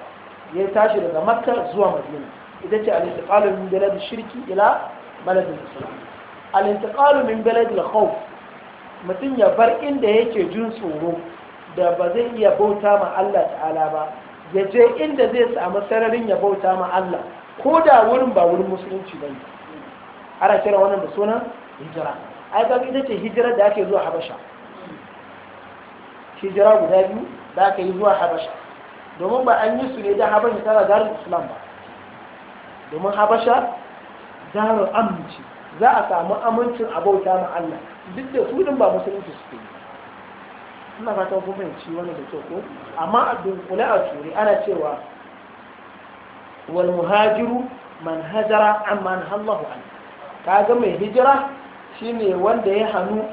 ya tashi daga makka zuwa madina ita ce al-intiqalu min balad shirki ila balad al-islam al-intiqalu min balad al-khawf mutum ya bar inda yake jin tsoro da ba zai iya bauta ma Allah ta'ala ba ya je inda zai samu sararin ya bauta ma Allah ko da wurin ba wurin musulunci ba ne ana kira wannan da sunan hijira ai ga ita ce hijirar da ake zuwa habasha hijira guda biyu da aka yi zuwa habasha domin ba an yi su ne da habasha tara garin islam ba domin habasha zarar amince, za a samu amincin abauta na allah duk da su din ba musulunci suke yi ina fata kun fahimci wani da ko amma a dunkule a ana cewa wal muhajiru man hajara amma Allahu an kaga mai hijira shine wanda ya hanu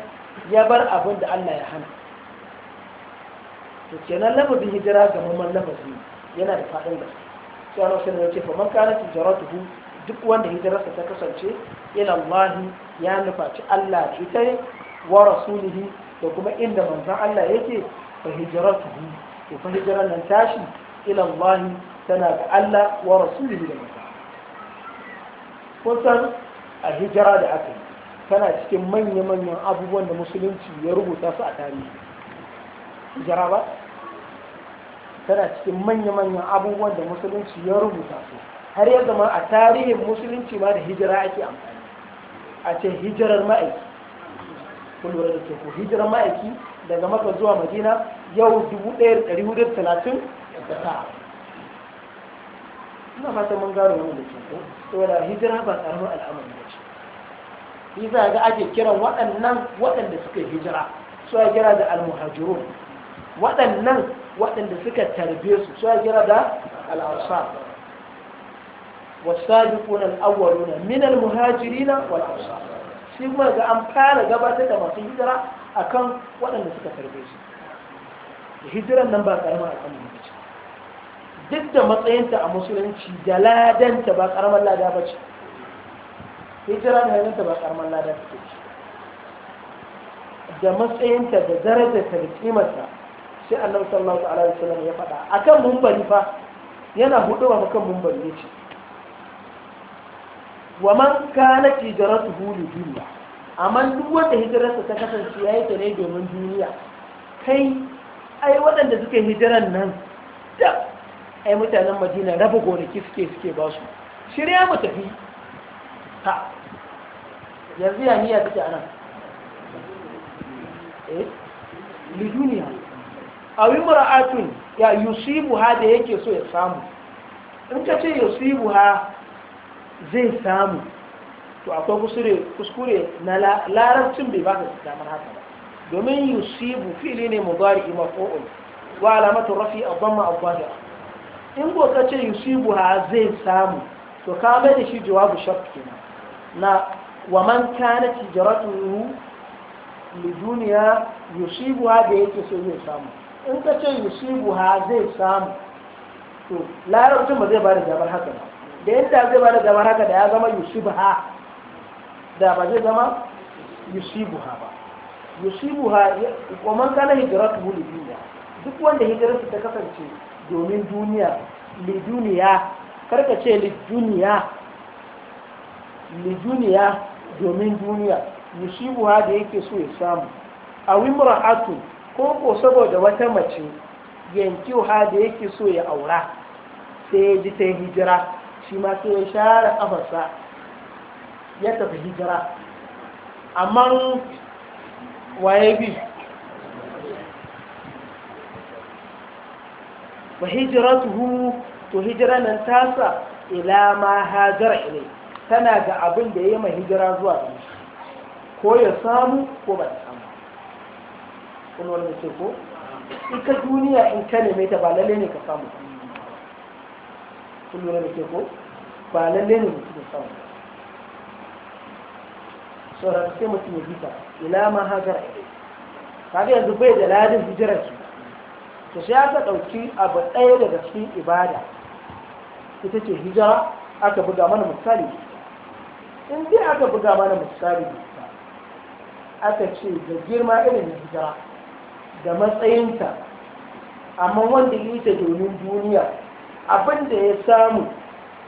ya bar abin da Allah ya hana to kenan lafazin hijira ga mamman lafazi yana da faɗin da sai ana ya ce, fa man kana tijaratuhu duk wanda hijirarsa ta kasance ila Allah ya nufaci Allah ita wa rasulihi da kuma inda manzon Allah yake fa hijratuhu to fa hijiran nan tashi ila Allah tana ga Allah wa rasulihi da manzo kusan a hijira da aka yi tana cikin manya-manyan abubuwan da musulunci ya rubuta su a tarihi hijira ba tana cikin manya-manyan abubuwan da musulunci ya rubuta su har ya zama a tarihin musulunci ma da hijira ake amfani a ce hijirar ma'aiki kun lura da teku hijirar ma'aiki daga maka zuwa madina yau 1430 da ta ina fata mun gano wani da ke ko saboda hijira ba karamin al'amari ba ce shi za ga ake kiran waɗannan waɗanda suka hijira su a kira da almuhajirun waɗannan waɗanda suka tarbe su su a kira da Wasu wasabiquna al-awwaluna min al-muhajirina wal ansar shi kuma ga an fara gabatar da masu hijira akan waɗanda suka tarbe su hijiran nan ba karamar al'amari da shi. duk da matsayinta a musulunci da ladanta ba karamar lada ba ce hijira da hannunta ba karamar lada ba ce da matsayinta da ta da kimarta sai annabi sallallahu alaihi wasallam ya faɗa akan mumbari fa yana hudu wa kan mumbari ce. wa man kana hijratuhu li dunya amma duk wanda hijirarsa ta kasance yayi ta ne domin duniya kai ai waɗanda suke hijiran nan da ai mutanen madina raba gonaki suke suke ba su shirya mu tafi ha yanzu ya niya take nan. eh liduniya aw imra'atun ya ha da yake so ya samu in ka ce ha zai samu to akwai kuskure kuskure na larabcin bai baka damar haka domin yusibu fili ne mudari maf'ul wa alamatu rafi adamma adhahira in ko ka ce yusibu ha zai samu to ka mai da shi jawabu shakki na wa man kana tijaratu li duniya yusibu ha da yake so zai samu in ka ce yusibu ha zai samu to larabcin ba zai ba da damar haka ba da yadda zai ba da damar haka da ya zama yusibu ha da ba zai zama yusibu ha ba yusibu ha wa man kana hijratuhu li duniya duk wanda hijrarsa ta kasance domin duniya duniya karka ce liduniya duniya domin duniya mushibuwa da yake so ya samu a wimra'atu ko ko saboda wata mace ha da yake so ya aura sai ya ji ta hijira shi ma sai ya share kafarsa ya tafi hijira amma waye bi wa hijratuhu to hijira nan tasa ila ma hajar ilai tana ga abin da ya yi hijira zuwa ga ko ya samu ko ba ta samu kuma wanda ce ko ita duniya in ka neme ta ba lalle ne ka samu kuma lura da ke ko ba lalle ne mutum ya samu sauran sai mutum ya bita ila ma hajar ilai kaga yanzu bai da ladin hijirar su ta sai aka ɗauki abu ɗaya daga cikin ibada ita ce hijira aka buga mana misali in dai aka buga mana misali aka ce da girma irin hijira da matsayinta amma wanda yi ta domin duniya abinda ya samu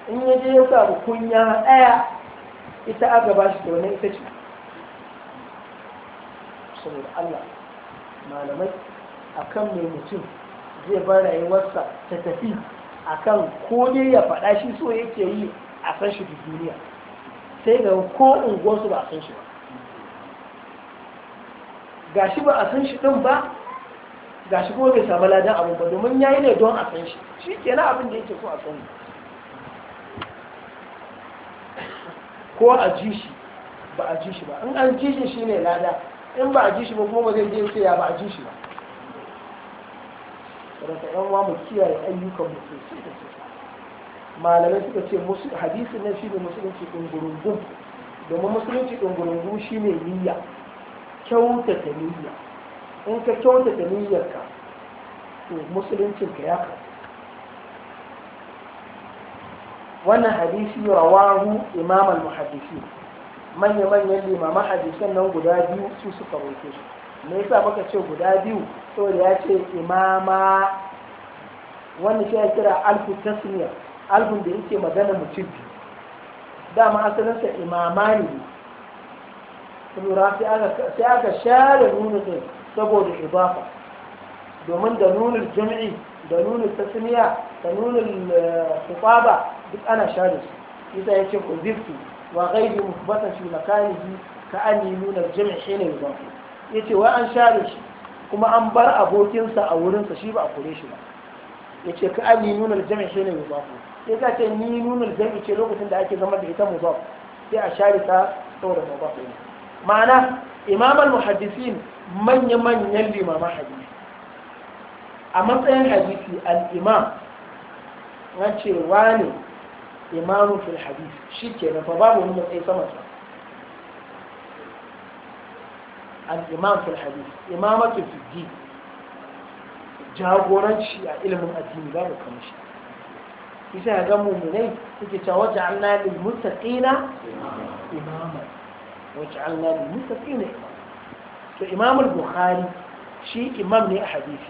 in ya je ya samu kunya ɗaya ita aka ba shi da wani ita ce saboda Allah malamai a kan mai mutum zai bar rayuwarsa ta tafi akan ko dai ya faɗa shi so yake yi a san shi duniya sai ga ko unguwarsu ba a san shi ba ga shi ba a san shi ɗin ba ga shi kuma bai samu ladan abu ba domin ya yi ne don a san shi shi ke na abin da yake so a san ko a ji shi ba a ji shi ba in an ji shi shi ne lada in ba a ji shi ba kuma ba zai je sai ya ba a ji shi ba rasa yan uwa mu kiyaye ayyukan mu sosai da sosai malamai suka ce hadisi na shi ne musulunci ɗungurungun domin musulunci ɗungurungun shi ne niyya kyautata niyya in ka kyautata niyyarka to ka ya kawo wannan hadisi rawahu imam al-muhaddisi manya-manyan limaman hadisan nan guda biyu su suka roke su me yasa muka ce guda biyu saboda ya ce imama wannan shi ya kira alfu tasmiya alfun da yake magana mutum biyu dama sa imama ne lura sai aka share nunin din saboda ibafa domin da nunin jami'i da nunin tasmiya da nunin eh, kufaba duk ana share su isa ya ce ku zirtu wa gaibi mutubatan shi makanihi ka an yi nunar jami'i ne ibafa ya ce wai an share shi kuma an bar abokinsa a wurinsa shi ba a kore shi ba ya ce ka ami nunar jami'a shi ne ya za ce ni nunar jami'a ce lokacin da ake zama da ita muzaf sai a share ta saboda muzaf ne ma'ana imam al-muhaddisin manya-manyan limaman hadisi a matsayin hadisi al-imam na ce wani imamu fil hadisi shi ke na fa babu wani matsayi sama الإمام في الحديث إمامة في الدين جاغورانشي علم الدين لا يكمش إذا هذا مؤمنين تجي توجع لنا للمتقين إماما وجعلنا للمتقين إماما فإمام البخاري شيء إمام لي أحاديث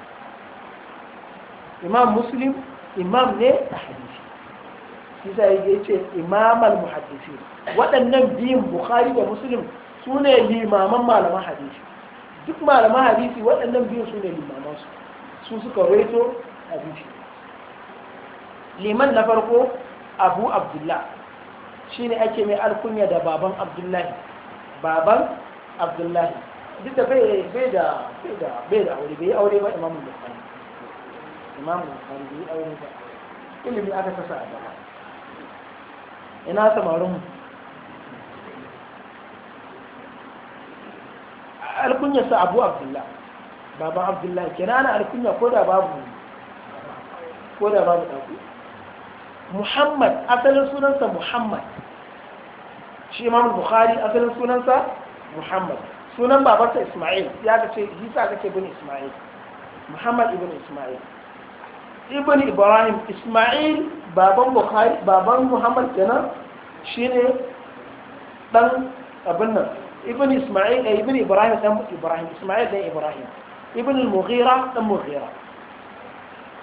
إمام مسلم إمام لي أحاديثي إذا يجي إمام المحدثين وأنا نبيهم بخاري ومسلم su ne limaman malaman hadisi duk malaman hadisi waɗannan biyu su ne limaman su su suka reto hadisi liman na farko abu abdullah shi ne ake mai alkunya da baban abdullahi baban abdullahi duk da bai da aure bai aure ba imamun da kwanu imamun kwanu bai aure ba ilimi aka kasa a gaba ina samarin alkunya sa abu abdullah baban abdullah kenan ana alkunya ko da babu ko da babu ɗaku muhammad asalin sunansa muhammad shi imam bukhari asalin sunansa muhammad sunan babarsa isma'il ya ga ce sa kake bin isma'il muhammad ibn isma'il ibn ibrahim isma'il baban bukhari baban muhammad kenan shine dan abin nan ibn isma'il eh ibn ibrahim dan ibrahim isma'il dan ibrahim ibn al-mughira dan mughira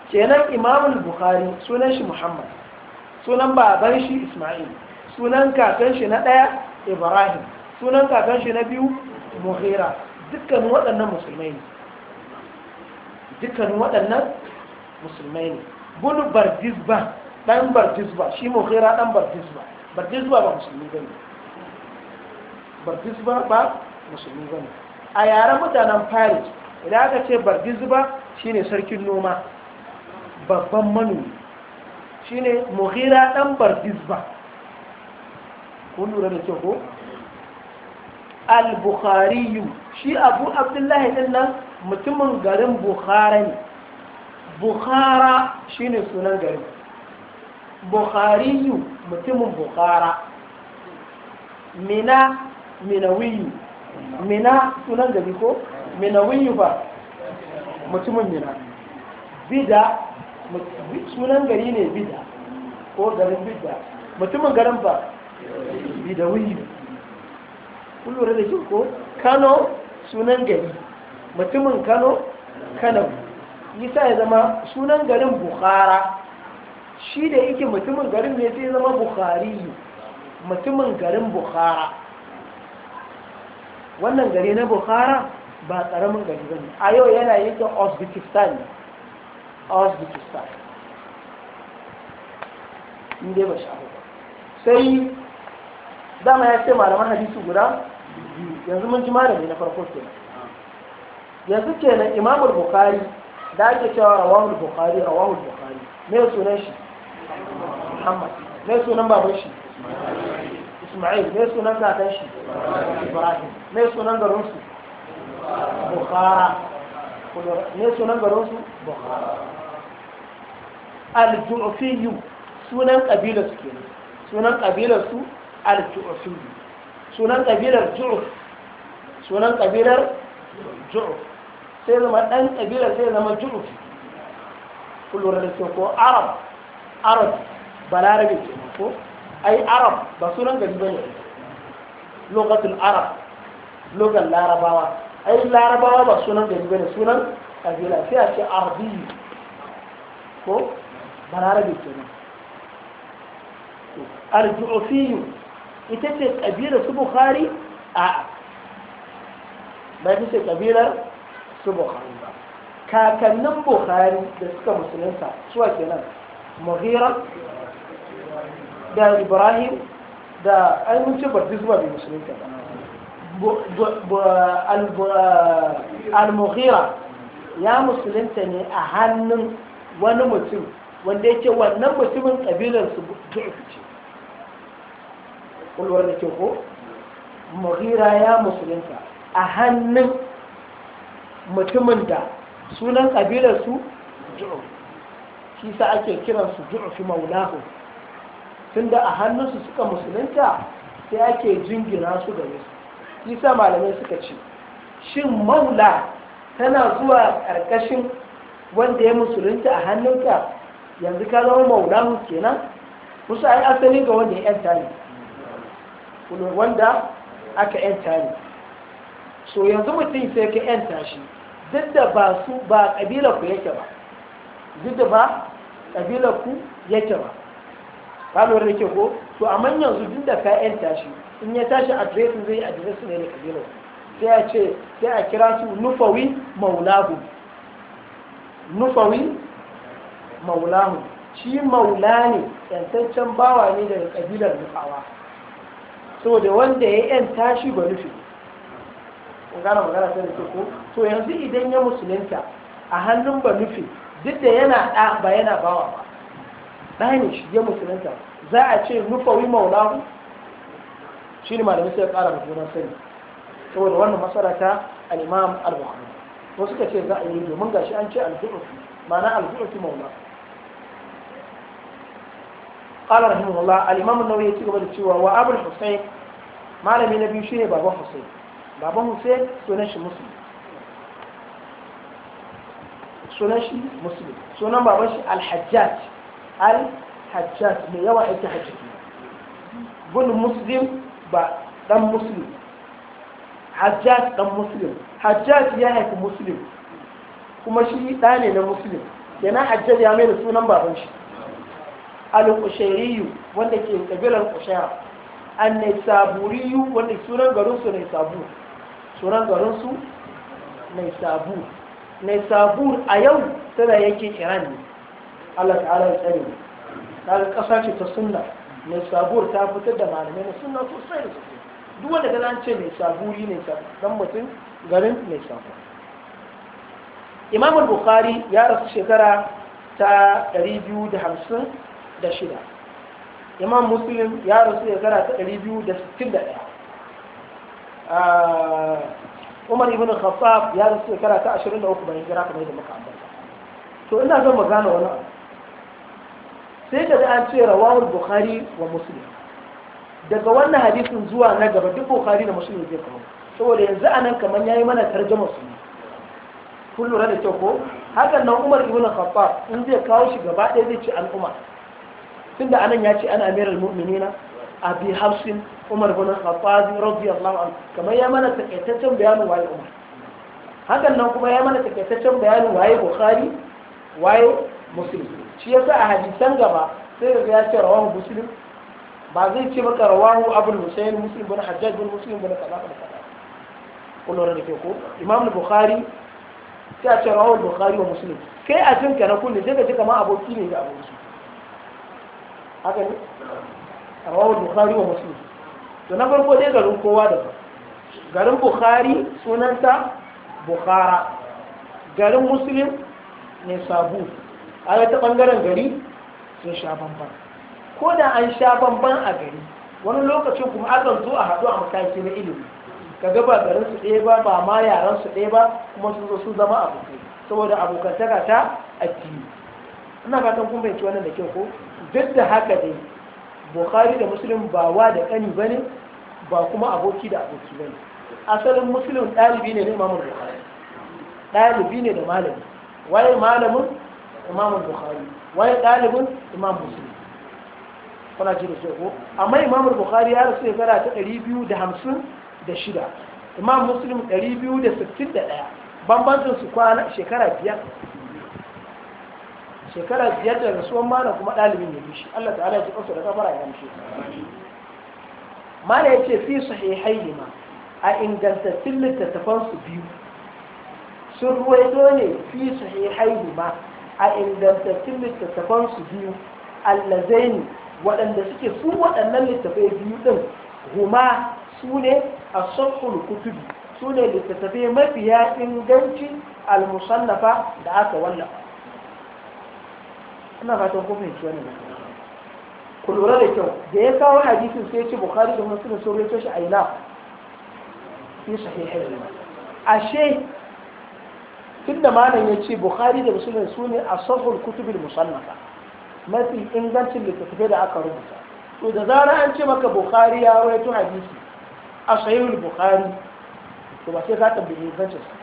kenan imam al-bukhari sunan shi muhammad sunan baban shi isma'il sunan kakan shi na daya ibrahim sunan kakan shi na biyu mughira dukkan waɗannan musulmai ne dukkan waɗannan musulmai ne bunu bardizba dan bardizba shi mughira dan bardizba bardizba ba musulmi bane bardizba ba musulmi ba ne a yaren mutanen paris idan aka ce shi shine sarkin noma babban manomi shine muhira dan bardizba kun lura da kyau ko al Bukhariyu shi abu abdullahi ɗin nan mutumin garin bukhara ne bukhara shine sunan garin Bukhariyu mutumin bukhara mina minawiyu mina sunan gari ko minawiyu ba mutumin mina bida sunan gari ne bida ko garin bida mutumin garin ba bidawiyu kullum da shi ko kano sunan gari mutumin kano kano nisa ya zama sunan garin bukhara shi da yake mutumin garin ne sai zama bukhari mutumin garin bukhara wannan gari na bukhara ba ƙaramin gari ba ne a yau yana yake Osbikistan Osbikistan. inda ba sha hukun sai dama ya ce malaman hadisu guda yanzu mun ji malami na farko kenan yanzu ke na imamul bukhari da ake cewa rawahul bukhari rawahul bukhari me sunan shi muhammad me sunan baban shi ismail mai sunan kakan shi ibrahim mai sunan garinsu bukhara mai sunan garinsu bukhara al-ju'fiyu sunan kabilar su ke sunan kabilar su al-ju'fiyu sunan ƙabilar ju'f sunan ƙabilar ju'f sai zama ɗan ƙabilar sai zama ju'f kullum da ke ko arab arab balarabe ke ko ai arab ba sunan gari ne lokacin arab lokacin larabawa ai larabawa ba sunan gari ne sunan kabila sai a ce arabi ko balarabe kenan arjiofiyu ita ce kabilar su bukari? a ba ce kabilar su bukari ba kakannin bukari da suka musulunta suwa kenan muhira. da ibrahim da ainihin mun ce bai musulun ba al-mughira ya musulunta ne a hannun wani mutum wanda yake wannan mutumin kabilar su du'uf ce kulwar da ke ko mughira ya musulunta a hannun mutumin da sunan kabilar su du'uf shi sa ake kiransu du'uf maulahu tunda a hannunsu suka musulunta sai ake jingina su da su isa malamai suka ce shin maula tana zuwa ƙarƙashin wanda ya musulunta a hannunka yanzu ka zama maulahu kenan musu ai asali ga wanda ya yanta ne wanda aka yanta ne so yanzu mutum sai ka yanta shi duk da ba su ba ƙabilar ku yake ba duk da ba ƙabilar ku yake ba ka lura da ke ko to amma yanzu duk da ka yan tashi, in ya tashi adiresin zai adiresu ne da kabilu sai a ce sai a kira su nufawi maulahu nufawi maulahu shi maula ne yantaccen bawa ne daga kabilar nufawa saboda wanda ya yan tashi ba nufi In gane magana sai da ke ko to yanzu idan ya musulunta a hannun ba nufi duk da yana ɗa ba yana bawa ba danish ya musulunta za a ce nufawi maulahu shi ne malamai sai ya kara da juna sani saboda wannan masara ta al-imam al-bukhari wasu ka ce za a yi domin gashi an ce al-du'uf ma'ana al-du'uf maula qala rahimahullah al-imam an-nawawi ya ci gaba da cewa wa abul husayn malami na biyu shine baban husayn baban husayn sunan shi muslim sunan shi muslim sunan baban shi al-hajjaj al-hajjaj mai yawan aikin hajji bin muslim ba dan muslim hajjaj dan muslim hajjaj ya haifi muslim kuma shi ɗa ne na muslim yana hajjaj ya mai da sunan baban shi al-qushayriyyu wanda ke kabilar qushayr an-naysaburiyu wanda sunan garinsu ne sabu. sunan garinsu ne sabu. Ne sabu a yau tana yake iran ne Allah ta'ala ya tsare Ta kaga ƙasa ce ta sunna mai sabuwar ta fitar da malamai na sunna sosai da sosai duk wanda ga an ce mai saburi ne ta, dan mutum garin mai sabu Imam Bukhari ya rasu shekara ta 256 Imam Muslim ya rasu shekara ta 261 ah, Umar ibn Khattab ya rasu shekara ta 23 bayan jira kamar da muka ambata to ina zan magana wani abu sai ka an ce rawahul bukhari wa muslim daga wannan hadisin zuwa na gaba duk bukhari da muslim zai kawo saboda yanzu anan kamar yayi mana tarjuma su kun lura da kyau ko hakan nan umar ibn khattab in zai kawo shi gaba ɗaya zai ce al'umma tunda anan ya ce ana amirul mu'minina abi hafsin umar ibn khattab radiyallahu anhu kamar ya mana takaitaccen bayanin waye umar hakan nan kuma ya mana takaitaccen bayanin waye bukhari waye muslim shi yasa a hadisan gaba sai ga ya ce rawahu muslim ba zai ce maka rawahu abul husayn muslim bin hajjaj bin muslim bin kaza kaza kullum da ke ko imam bukhari sai a ce rawahu bukhari wa muslim kai a cin na kullu sai ka ma aboki ne ga aboki haka ne rawahu bukhari wa muslim to na farko dai garin kowa da garin bukhari sunanta bukhara garin muslim ne sabu ala ta bangaren gari sun sha banban ko da an sha banban a gari wani lokacin kuma akan zo a haɗu a mataki na ilimi ka gaba garin su ɗaya ba ba ma yaran su ɗaya ba kuma sun zo sun zama abokai saboda abokantaka ta addini ina fatan kun fahimci wannan da kyau ko duk da haka dai bukhari da muslim ba wa da kani bane ba kuma aboki da aboki bane asalin muslim ɗalibi ne na imamu bukhari ɗalibi ne da malami waye malamin imam bukhari wai dalibin imam muslim kuna ji da ke amma imam bukhari ya rasu shekara ta 256 imam muslim 261 bambancin su kwana shekara biyar shekara biyar da rasuwan mana kuma dalibin ya bishi Allah ta'ala ya ji ƙasa da kafara ya amshe mana ya ce fi su haihai ma a ingantattun littattafan su biyu sun ruwaito ne fi su haihai ma a ingantattun littattafan su biyu allazaini waɗanda suke su waɗannan littattafai biyu ɗin huma su ne a sokul kutubi su ne littattafai mafiya inganci almusannafa da aka wallafa ina fatan ko fahimci ne ku lura da kyau da ya kawo hadisin sai ce bukhari da muslim sun rawaito shi a ina fi sahihai ashe tunda malam ya ce bukhari da musulun su ne a sahul kutubin musallaka. mafi ingancin littattafai da aka rubuta to da zara an ce maka bukhari ya rawaito hadisi a sahihul bukhari to ba sai ta tambaye ingancin sa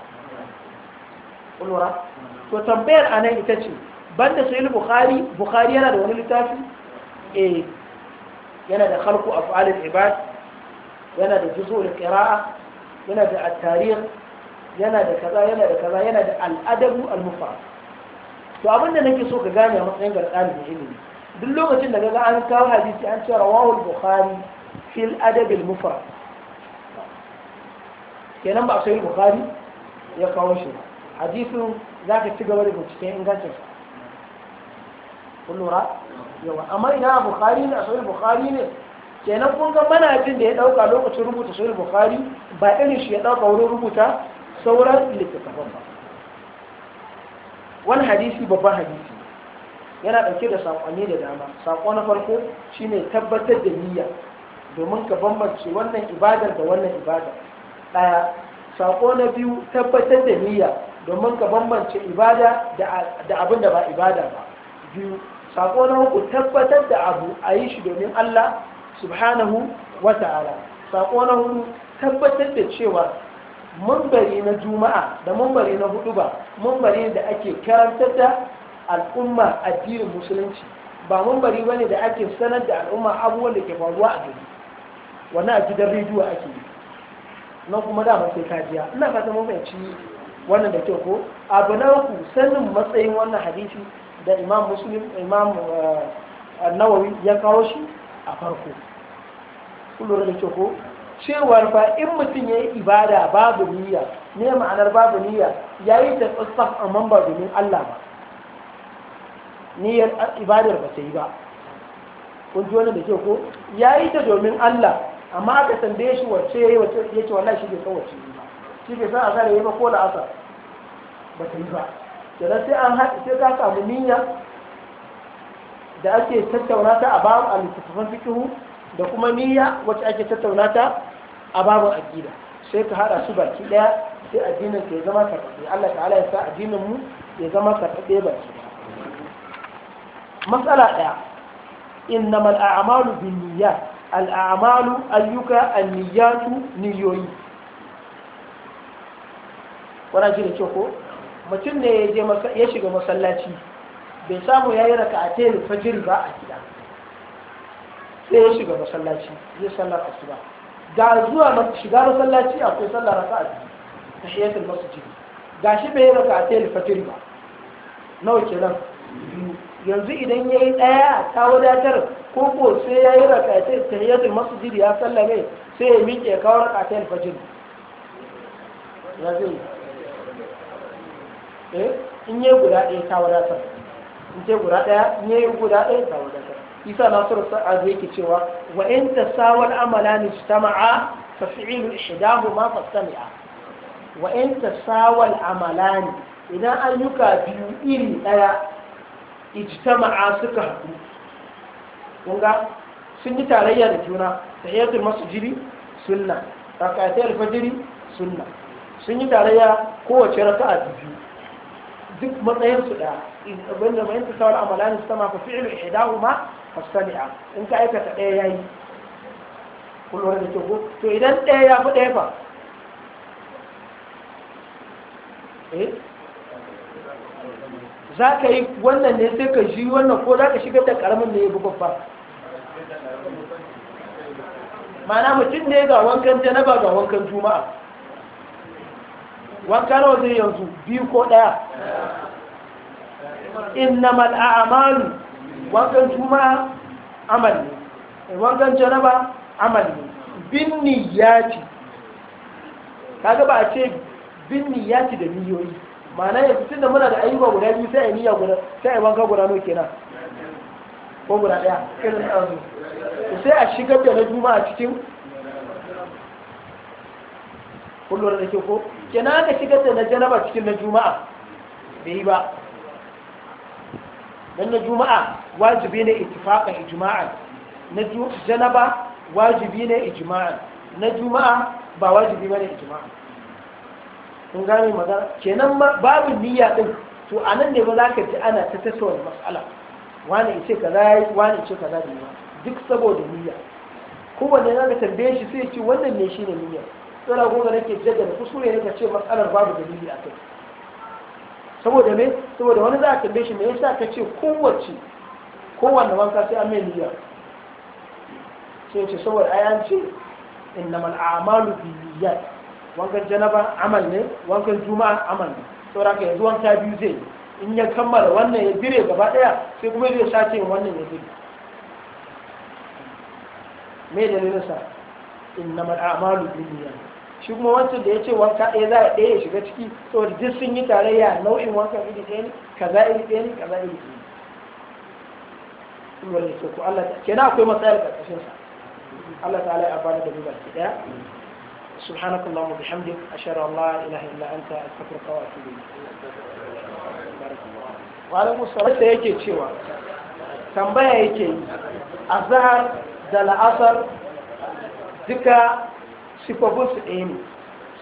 kullura to tambayar anan ita ce banda sahihul bukhari bukhari yana da wani littafi eh yana da khalqu af'al al-ibad yana da juzul qira'a yana da at-tarikh yana da kaza yana da kaza yana da al'adabu al mufa to abin da nake so ka gane a matsayin garɗani da ilimi duk lokacin da ga an kawo hadisi an cewa rawahu al-bukhari fil adab al-mufrad kenan ba sai bukhari ya kawo shi hadisin zaka ci gaba da binciken ingancin sa kun lura yawa amma ina bukhari ne a bukhari ne kenan kun ga manajin da ya dauka lokacin rubuta sai bukhari ba irin shi ya dauka wurin rubuta sauran littattafan ba wani hadisi babban hadisi yana ɗauke da saƙonni da dama saƙo na farko shine tabbatar da niyya domin ka bambance wannan ibadar da wannan ibadar ɗaya saƙo na biyu tabbatar da niyya domin ka bambance ibada da abin da ba ibada ba biyu saƙo na uku tabbatar da abu a yi shi domin Allah subhanahu wa ta'ala saƙo na hudu tabbatar da cewa mambari na juma'a da mambari na hudu ba mambari da ake karantar da al'umma addinin musulunci ba mambari ba ne da ake sanar da al'umma abubuwan da ke faruwa a gari wani a gidan rediyo ake yi na kuma dama sai kajiya ina fata mun wannan da kyau ko abu na uku sanin matsayin wannan hadisi da imam muslim imam eh, nawawi ya kawo shi a farko kullum da kyau ko cewar fa in mutum ya yi ibada babu niyya ne ma'anar babu niyya ya yi ta tsaf a mamba domin Allah ba niyyar ibadar ba ta yi ba kun ji wani da ke ko ya yi ta domin Allah amma aka tambaye shi wace ya yi wace ya ce wallahi shi ke san wace ba shi ke san asar ya yi ba ko la ba ta yi ba kenan sai an haɗu sai ka samu niyya da ake tattauna ta a ba a littattafan fikihu da kuma niyya wacce ake tattauna ta a babu aqida sai ka hada su baki daya sai addinin ka ya zama karɓaɓɓe Allah ta'ala ya sa addinin mu ya zama karɓaɓɓe ba. matsala daya innamal a'malu niyyat al a'malu ayyuka an niyyatu niyoyi wannan shi da ko mutum ne ya shiga masallaci bai samu yayi raka'atain fajr ba a gida sai ya shiga masallaci ya sallar asuba ga zuwa shiga masallaci akwai sallar raka a biyu ta hiyatul masjid ga shi bai yi raka ta fatir ba nawa nan yanzu idan ya yi ɗaya ta wadatar ko ko sai ya yi raka ta tahiyatul masjid ya sallame sai ya miƙe kawo raka ta fatir ya zai eh in yi guda ɗaya ta wadatar in guda ɗaya in yi guda ɗaya ta wadatar isa nasiru sa'ad yake cewa wa in amala amalani istama'a fa fi'ilu ihdahu ma sami'a wa in amala amalani idan ayyuka biyu iri daya ijtama'a suka haɗu kun ga sun yi tarayya da juna tahiyatul masjidi sunna rakatul fajri sunna sun yi tarayya kowace raka'a biyu duk matsayin su da abinda mai ta sawar amalani ma fa fi'ilu ihdahu ma fasani'a in ka aikata ɗaya ya yi kulwar da kyau to idan ɗaya ya fi ɗaya fa eh? za ka yi wannan ne sai ka shi wannan ko za ka shigar da ƙaramin da ya fi babba mana mutum ne ga wankan janaba ga wankan juma'a wanka nawa zai yanzu biyu ko ɗaya innamal a'malu wankan juma amal ne eh, wankan janaba amal ne bin niyyati kaga ba a ce bin niyyati da niyoyi ma'ana ya fi, da muna da ayyuka guda biyu sai a niyya guda sai a wanka guda nawa kenan ko guda daya irin azu sai a shigar da na juma'a cikin kullum da ke ko kenan ka shigar da na janaba cikin na juma'a bai yi ba dan na juma'a wajibi ne ittifaqa ijma'an na janaba wajibi ne ijma'an na juma'a ba wajibi bane ijma'an kun gane magana kenan babu niyya din to anan ne ba za ka ji ana ta tattauna mas'ala wani ce kaza yayi wani ce kaza bai ba duk saboda niyya kowanne za ka tambaye shi sai ya ce wannan ne shine niyya tsara goga nake jaddada kusure ne ka ce mas'alar babu dalili a kai saboda me saboda wani za a tambaye shi mai yasa ka ce kowace kowanne wanka sai an mai niyya sai ce saboda ayan ce innamal a'malu biyyat wankan janaba amal ne wankan juma'a amal ne saboda ka yanzu wanka biyu zai in ya kammala wannan ya dire gaba daya sai kuma zai sake wannan ya dire me dalilinsa innamal a'malu biyyat shi kuma wancan da ya ce wanka ɗaya za a ɗaya ya shiga ciki to duk sun yi tarayya nau'in wanka iri ɗaya ne kaza iri ɗaya ne kaza iri ɗaya ne wanda ke ko Allah ta kenan akwai matsayar ƙarƙashin sa Allah ta'ala ya bani da mu baki ɗaya سبحانك اللهم وبحمدك أشهد أن لا إله إلا Wa أستغفرك وأتوب إليك وعلى مستوى yake cewa tambaya yake yi azhar da la'asar duka sifofin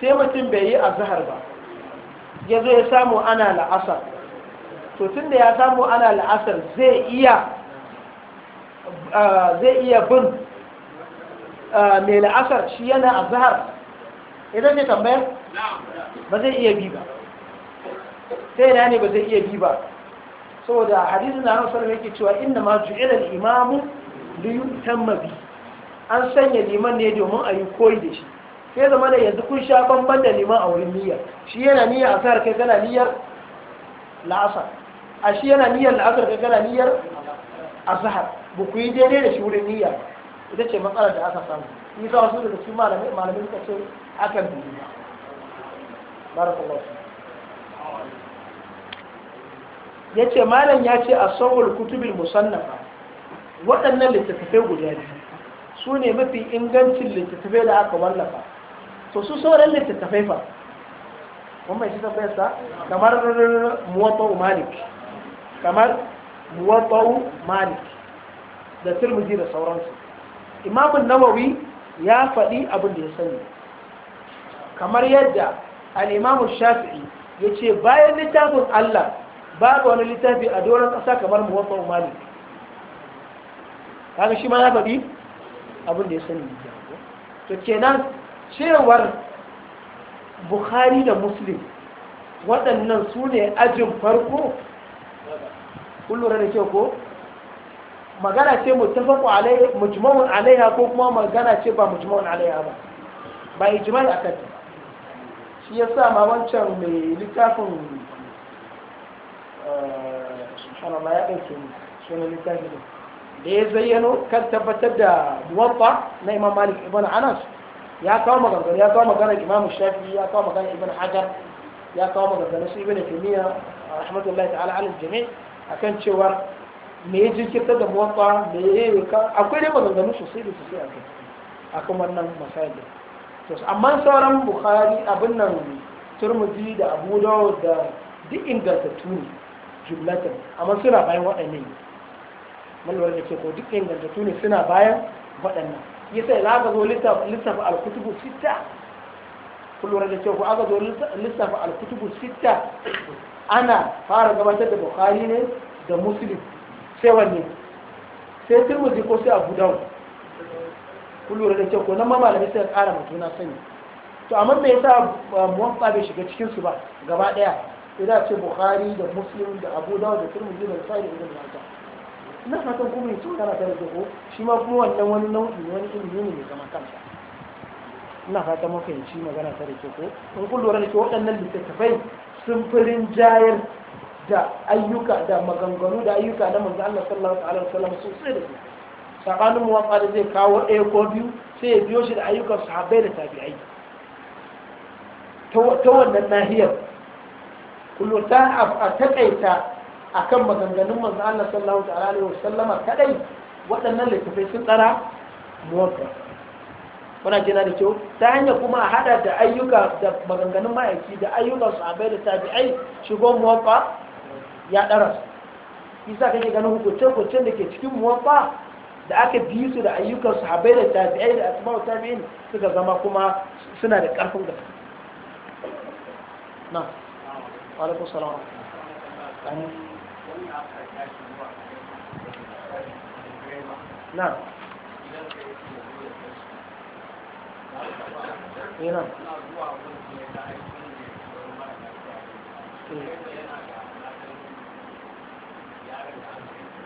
su ɗaya ne sai mutum bai yi azhar ba ya zo ya samu ana la'asar to tun da ya samu ana la'asar zai iya zai iya bin mai la'asar shi yana azhar idan ne tambayar ba zai iya bi ba sai na ne ba zai iya bi ba saboda hadisin na hannun sarrafa yake cewa inda ma ju'ila al-imamu li yutamma bi. an sanya liman ne domin a yi koyi da shi sai zama da yanzu kun sha bamban da liman a wurin niyyar shi yana niyyar a asar kai gana niyyar la'asar a shi yana niyyar la'asar kai gana niyyar azhar ba ku yi daidai da shi wurin niyyar. ita ce matsalar da aka samu ni za su daga cikin malamai malamai suka ce akan bi ba barakallahu ya ce malam ya ce a sauwar kutubin musannafa waɗannan littattafai guda biyu Sune mafi ingancin littattafai da aka wallafa to su sauran littattafai fa Kuma mai shi sa kamar muwatta'u malik kamar muwatta'u malik da turmuzi da sauransu imamun nawawi ya faɗi abin da ya sani kamar yadda al'imamun shafi'i ya ce bayan littafin allah babu wani littafi a doron ƙasa kamar muwatta'u malik kaga shi ma ya faɗi abin da ya sani ya to kenan cewar bukhari da muslim waɗannan su ne ajin farko kullura da ke ko magana ce mutafaku alaiha mujma'un alaiha ko kuma magana ce ba mujma'un alaiha ba ba ijma'i akan ta shi yasa ma wancan mai littafin eh, subhanallah ya ɗauke ni sunan littafin da ya zayyano kan tabbatar da muwaffa na imam malik ibn anas ya kawo maganganu ya kawo maganar imam shafi ya kawo maganar ibn hajar ya kawo maganganu su ibn taymiya rahmatullahi ta'ala alal jami' akan cewa me ya jinkirta da muwaffa me ya ka akwai dai maganganu sosai da sosai a kai akan wannan masail to amma sauran bukhari abin nan turmudi da abu dawud da duk ingantattu ne jumlatan amma suna bayan waɗannan malwar da ke ko duk ingantattu ne suna bayan waɗannan yasa za ka zo lissafa alkutubu sita kullum da ke ko aka zo lissafa alkutubu sita ana fara gabatar da bukhari ne da musulun. sai wanne sai turmuzi ko sai abu daun. kullum da ke ko nan ma ya sai mutu na sani to amma me yasa muwaffa bai shiga cikinsu ba gaba daya idan ce bukhari da musulun da abu daun da turmuzi da sai da ibn majah ina fatan kuma ya ci kana tare da ko shi ma kuma wannan wani nau'i wani ilimi ne mai zama kansa ina fatan mafahimci magana tare da ko in kun lura da ke waɗannan littattafai sun firin jayar da ayyuka da maganganu da ayyuka da manzo Allah sallallahu alaihi wasallam sosai da su sabanin muwaffa da zai kawo A ko biyu sai ya biyo shi da ayyukan sahabbai da tabi'ai ta wannan nahiyar kullu ta a taƙaita akan maganganun manzo Allah sallallahu ta'ala alaihi wasallama kadai waɗannan littafai sun tsara muwaffa muna jina da kyau ta hanyar kuma a hada da ayyuka da maganganun ma'aiki da ayyukan abai da tabi'ai shigo muwaka ya ɗara su isa kake ganin hukunce-hukuncen da ke cikin muwaka da aka bi su da ayyukan abai da tabi'ai da asma'u tabi'in suka zama kuma suna da ƙarfin gaske na alaikum salam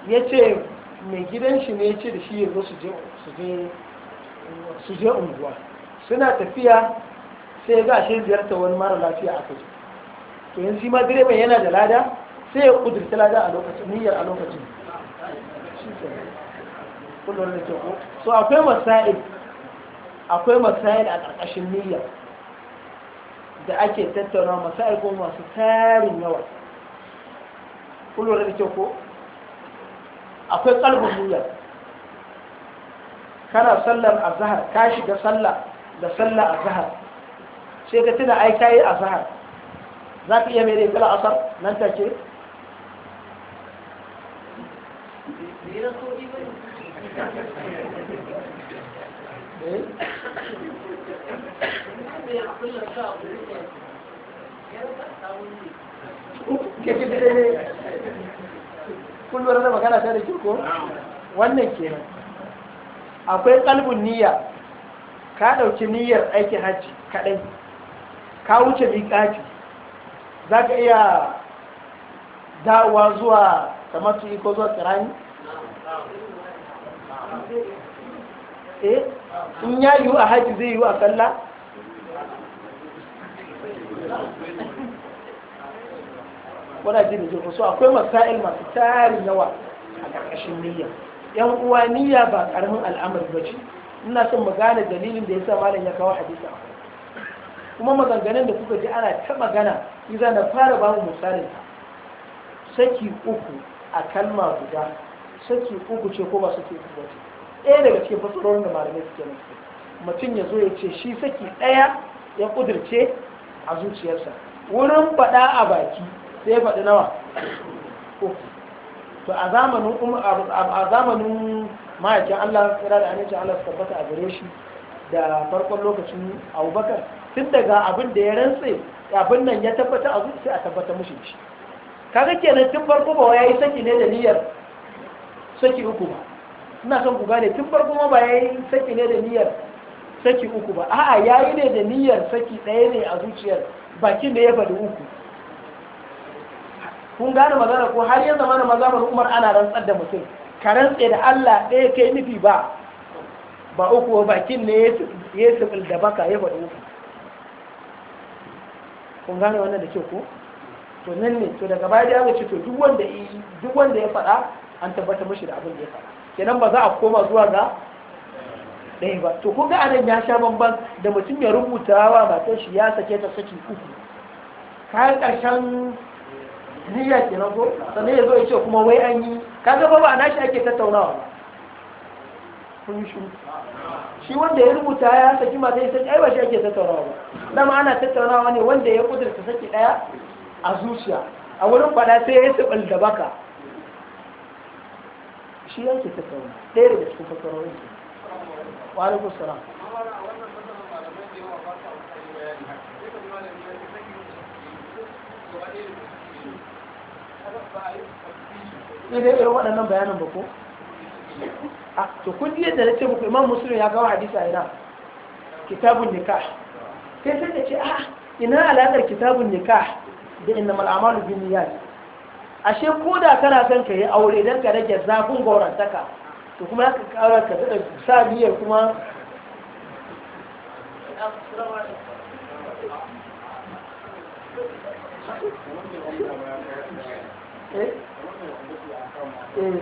Yace eh, eh. ya ce mai gidan shi ne ce da shi ya zo su je unguwa suna tafiya sai ga shi ziyarta wani mara lafiya a kaji to yanzu ma direban yana da lada sai ya kudurta lada a lokacin niyyar a lokacin kullum da so akwai masa'il akwai masa'il a ƙarƙashin niyyar da ake tattauna masa'il ko masu tarin yawa kullum da ko akwai ƙalbin niyyar kana sallar zahar, ka shiga sallah da sallah zahar. sai ka tuna yi a zahar. za ka iya mere da asar nan take kulwar da magana ta da ko wannan kenan akwai kalbin niyya ka ɗauki niyyar aikin hajji kaɗai ka wuce miƙaci za ka iya dawowa zuwa kamar su ko zuwa tsirani eh in ya yiwu a haji zai yiwu a kalla? wadda ji da jirgin so akwai masail masu tarin yawa a ƙarƙashin niyya yan uwa niyya ba ƙaramin al'amari ba ce ina son magana dalilin da ya sa malam ya kawo hadisi kuma maganganun da kuka ji ana ta magana idan na fara ba mu misalin saki uku a kalma guda saki uku ce ko ba saki uku ba ce ɗaya daga cikin fasarorin da malamai suke nan mutum ya zo ya ce shi saki ɗaya ya kudirce a zuciyarsa wurin faɗa a baki sai faɗi nawa to a zamanin a zamanin ma'aikin Allah kira da amincin Allah su tabbata a gare shi da farkon lokacin Abubakar tun daga abin da ya rantse abin nan ya tabbata a zuciya a tabbata mushi shi kaga kenan tun farko ba ya yi saki ne da niyyar saki uku ba ina son ku gane tun farko ma ba yayi saki ne da niyyar saki uku ba a'a yayi ne da niyyar saki ɗaya ne a zuciyar bakin da ya faɗi uku kun gane magana ko har yanzu mana mazamar umar ana rantsar da mutum ka rantse da Allah ɗaya kai nufi ba ba uku ba bakin ne ya sifil da baka ya faɗi uku kun gane wannan da ke ko to nan ne to daga baya da ce to duk wanda duk wanda ya faɗa an tabbatar mashi da abin da ya faɗa kenan ba za a koma zuwa ga ɗaya ba to kun ga anan ya sha bamban da mutum ya rubuta wa matar shi ya sake ta saki uku kayan ƙarshen niyya nan ko sannan ya zo ya ce kuma wai an yi ka ga ba na shi ake tattaunawa ba kun shi shi wanda ya rubuta ya saki mata ya saki ai ba shi ake tattaunawa ba dama ana tattaunawa ne wanda ya kudurta saki ɗaya a zuciya a wurin faɗa sai ya yi da baka shi yake fassara ɗaya daga cikin fassarorin su wa alaikum salam sai dai irin waɗannan bayanan ba ko a to kun ji yadda na ce muku imam musulun ya gawa hadisa ina kitabun nikah sai sai ka ce a ah, ina alaƙar kitabun nikah da inna mal'amalu bin niyyat ashe ko da kana son ka yi aure don ka rage zafin gorantaka to kuma ya kara ka da sa biyar kuma eh? Eh,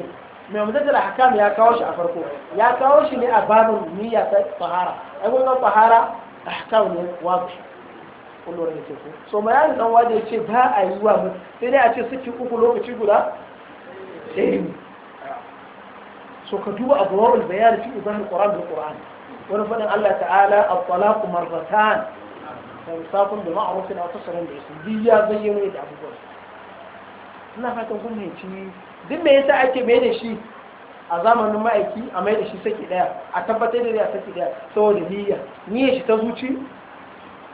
mai mutattar hakam ya kawo shi a farko ya kawo shi ne a babin niyya ta fahara ai kuma fahara a hakam ne wabi kullum da teku, so ma yayin dan waje ce ba a yi wa mu sai dai a ce suke uku lokaci guda sai so ka duba abwaul bayan fi ibn alquran bil qur'an wani fadin Allah ta'ala at-talaq marratan safin da na a tasarin da su biya bayyana da abubuwan ina fatan kun ci duk me yasa ake mai da shi a zamanin ma'aiki a mai da shi saki daya a tabbatar da ya saki daya saboda niyya niyya shi ta zuci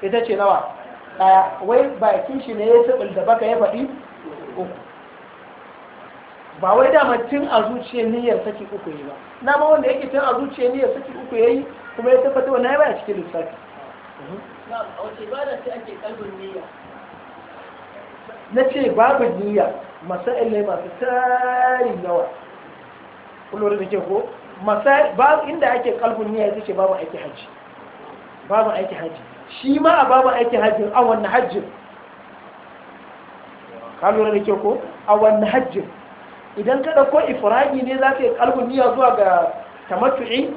ita ce nawa ɗaya wai bakin shi ne ya sabul da baka ya faɗi uku ba wai dama tun a zuciyar niyyar saki uku yi ba na ma wanda yake tun a zuciyar niyyar saki uku ya yi kuma ya tabbata wannan ya a cikin lissafi na ce babu niyya masa'il ne masu tarin yawa kullum da ke ko inda ake kalbun niyya ita ce babu aiki hajji babu aiki hajji shi ma a babu aikin hajji a wanne hajji? ka lura da ke ko a wanne hajji? idan ka ɗauko ifiragi ne za ka yi kalbun niyya zuwa ga tamatu'i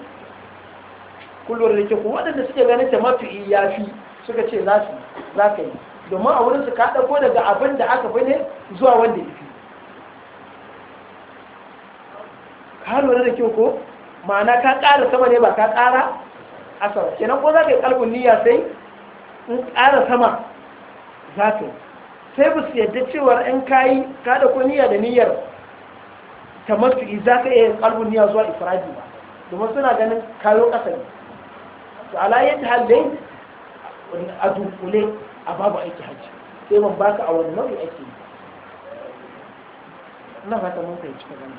kun lura da ke ko waɗanda suke ganin tamatu'i ya fi suka ce za su za ka yi domin a wurinsu ka ɗauko daga abin da aka ne zuwa wanda ya fi ka lura da ke ko ma'ana ka ƙara sama ne ba ka ƙara asar kenan ko za ka yi kalbun niyya sai in ƙara sama za ka sai ba su yadda cewar in kayi ka da niyya da niyyar ta matu'i za ka iya ƙalbin niyya zuwa ifiraji ba domin suna ganin kayo ƙasa ne to ala yadda halai a dunkule a babu aiki hajji sai ban baka a wani nau'i ake yi ina fata mun fahimci ka gani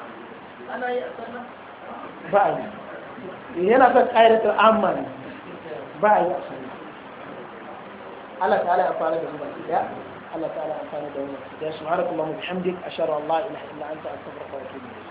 ba a yi eh, yana son ƙayatar amma ne ba a yi a sallah Allah ta'ala ya amfana da mu baki daya Allah ta'ala ya amfana da mu baki daya subhanakallahumma bihamdik ashhadu an la ilaha illa anta astaghfiruka wa atubu ilayk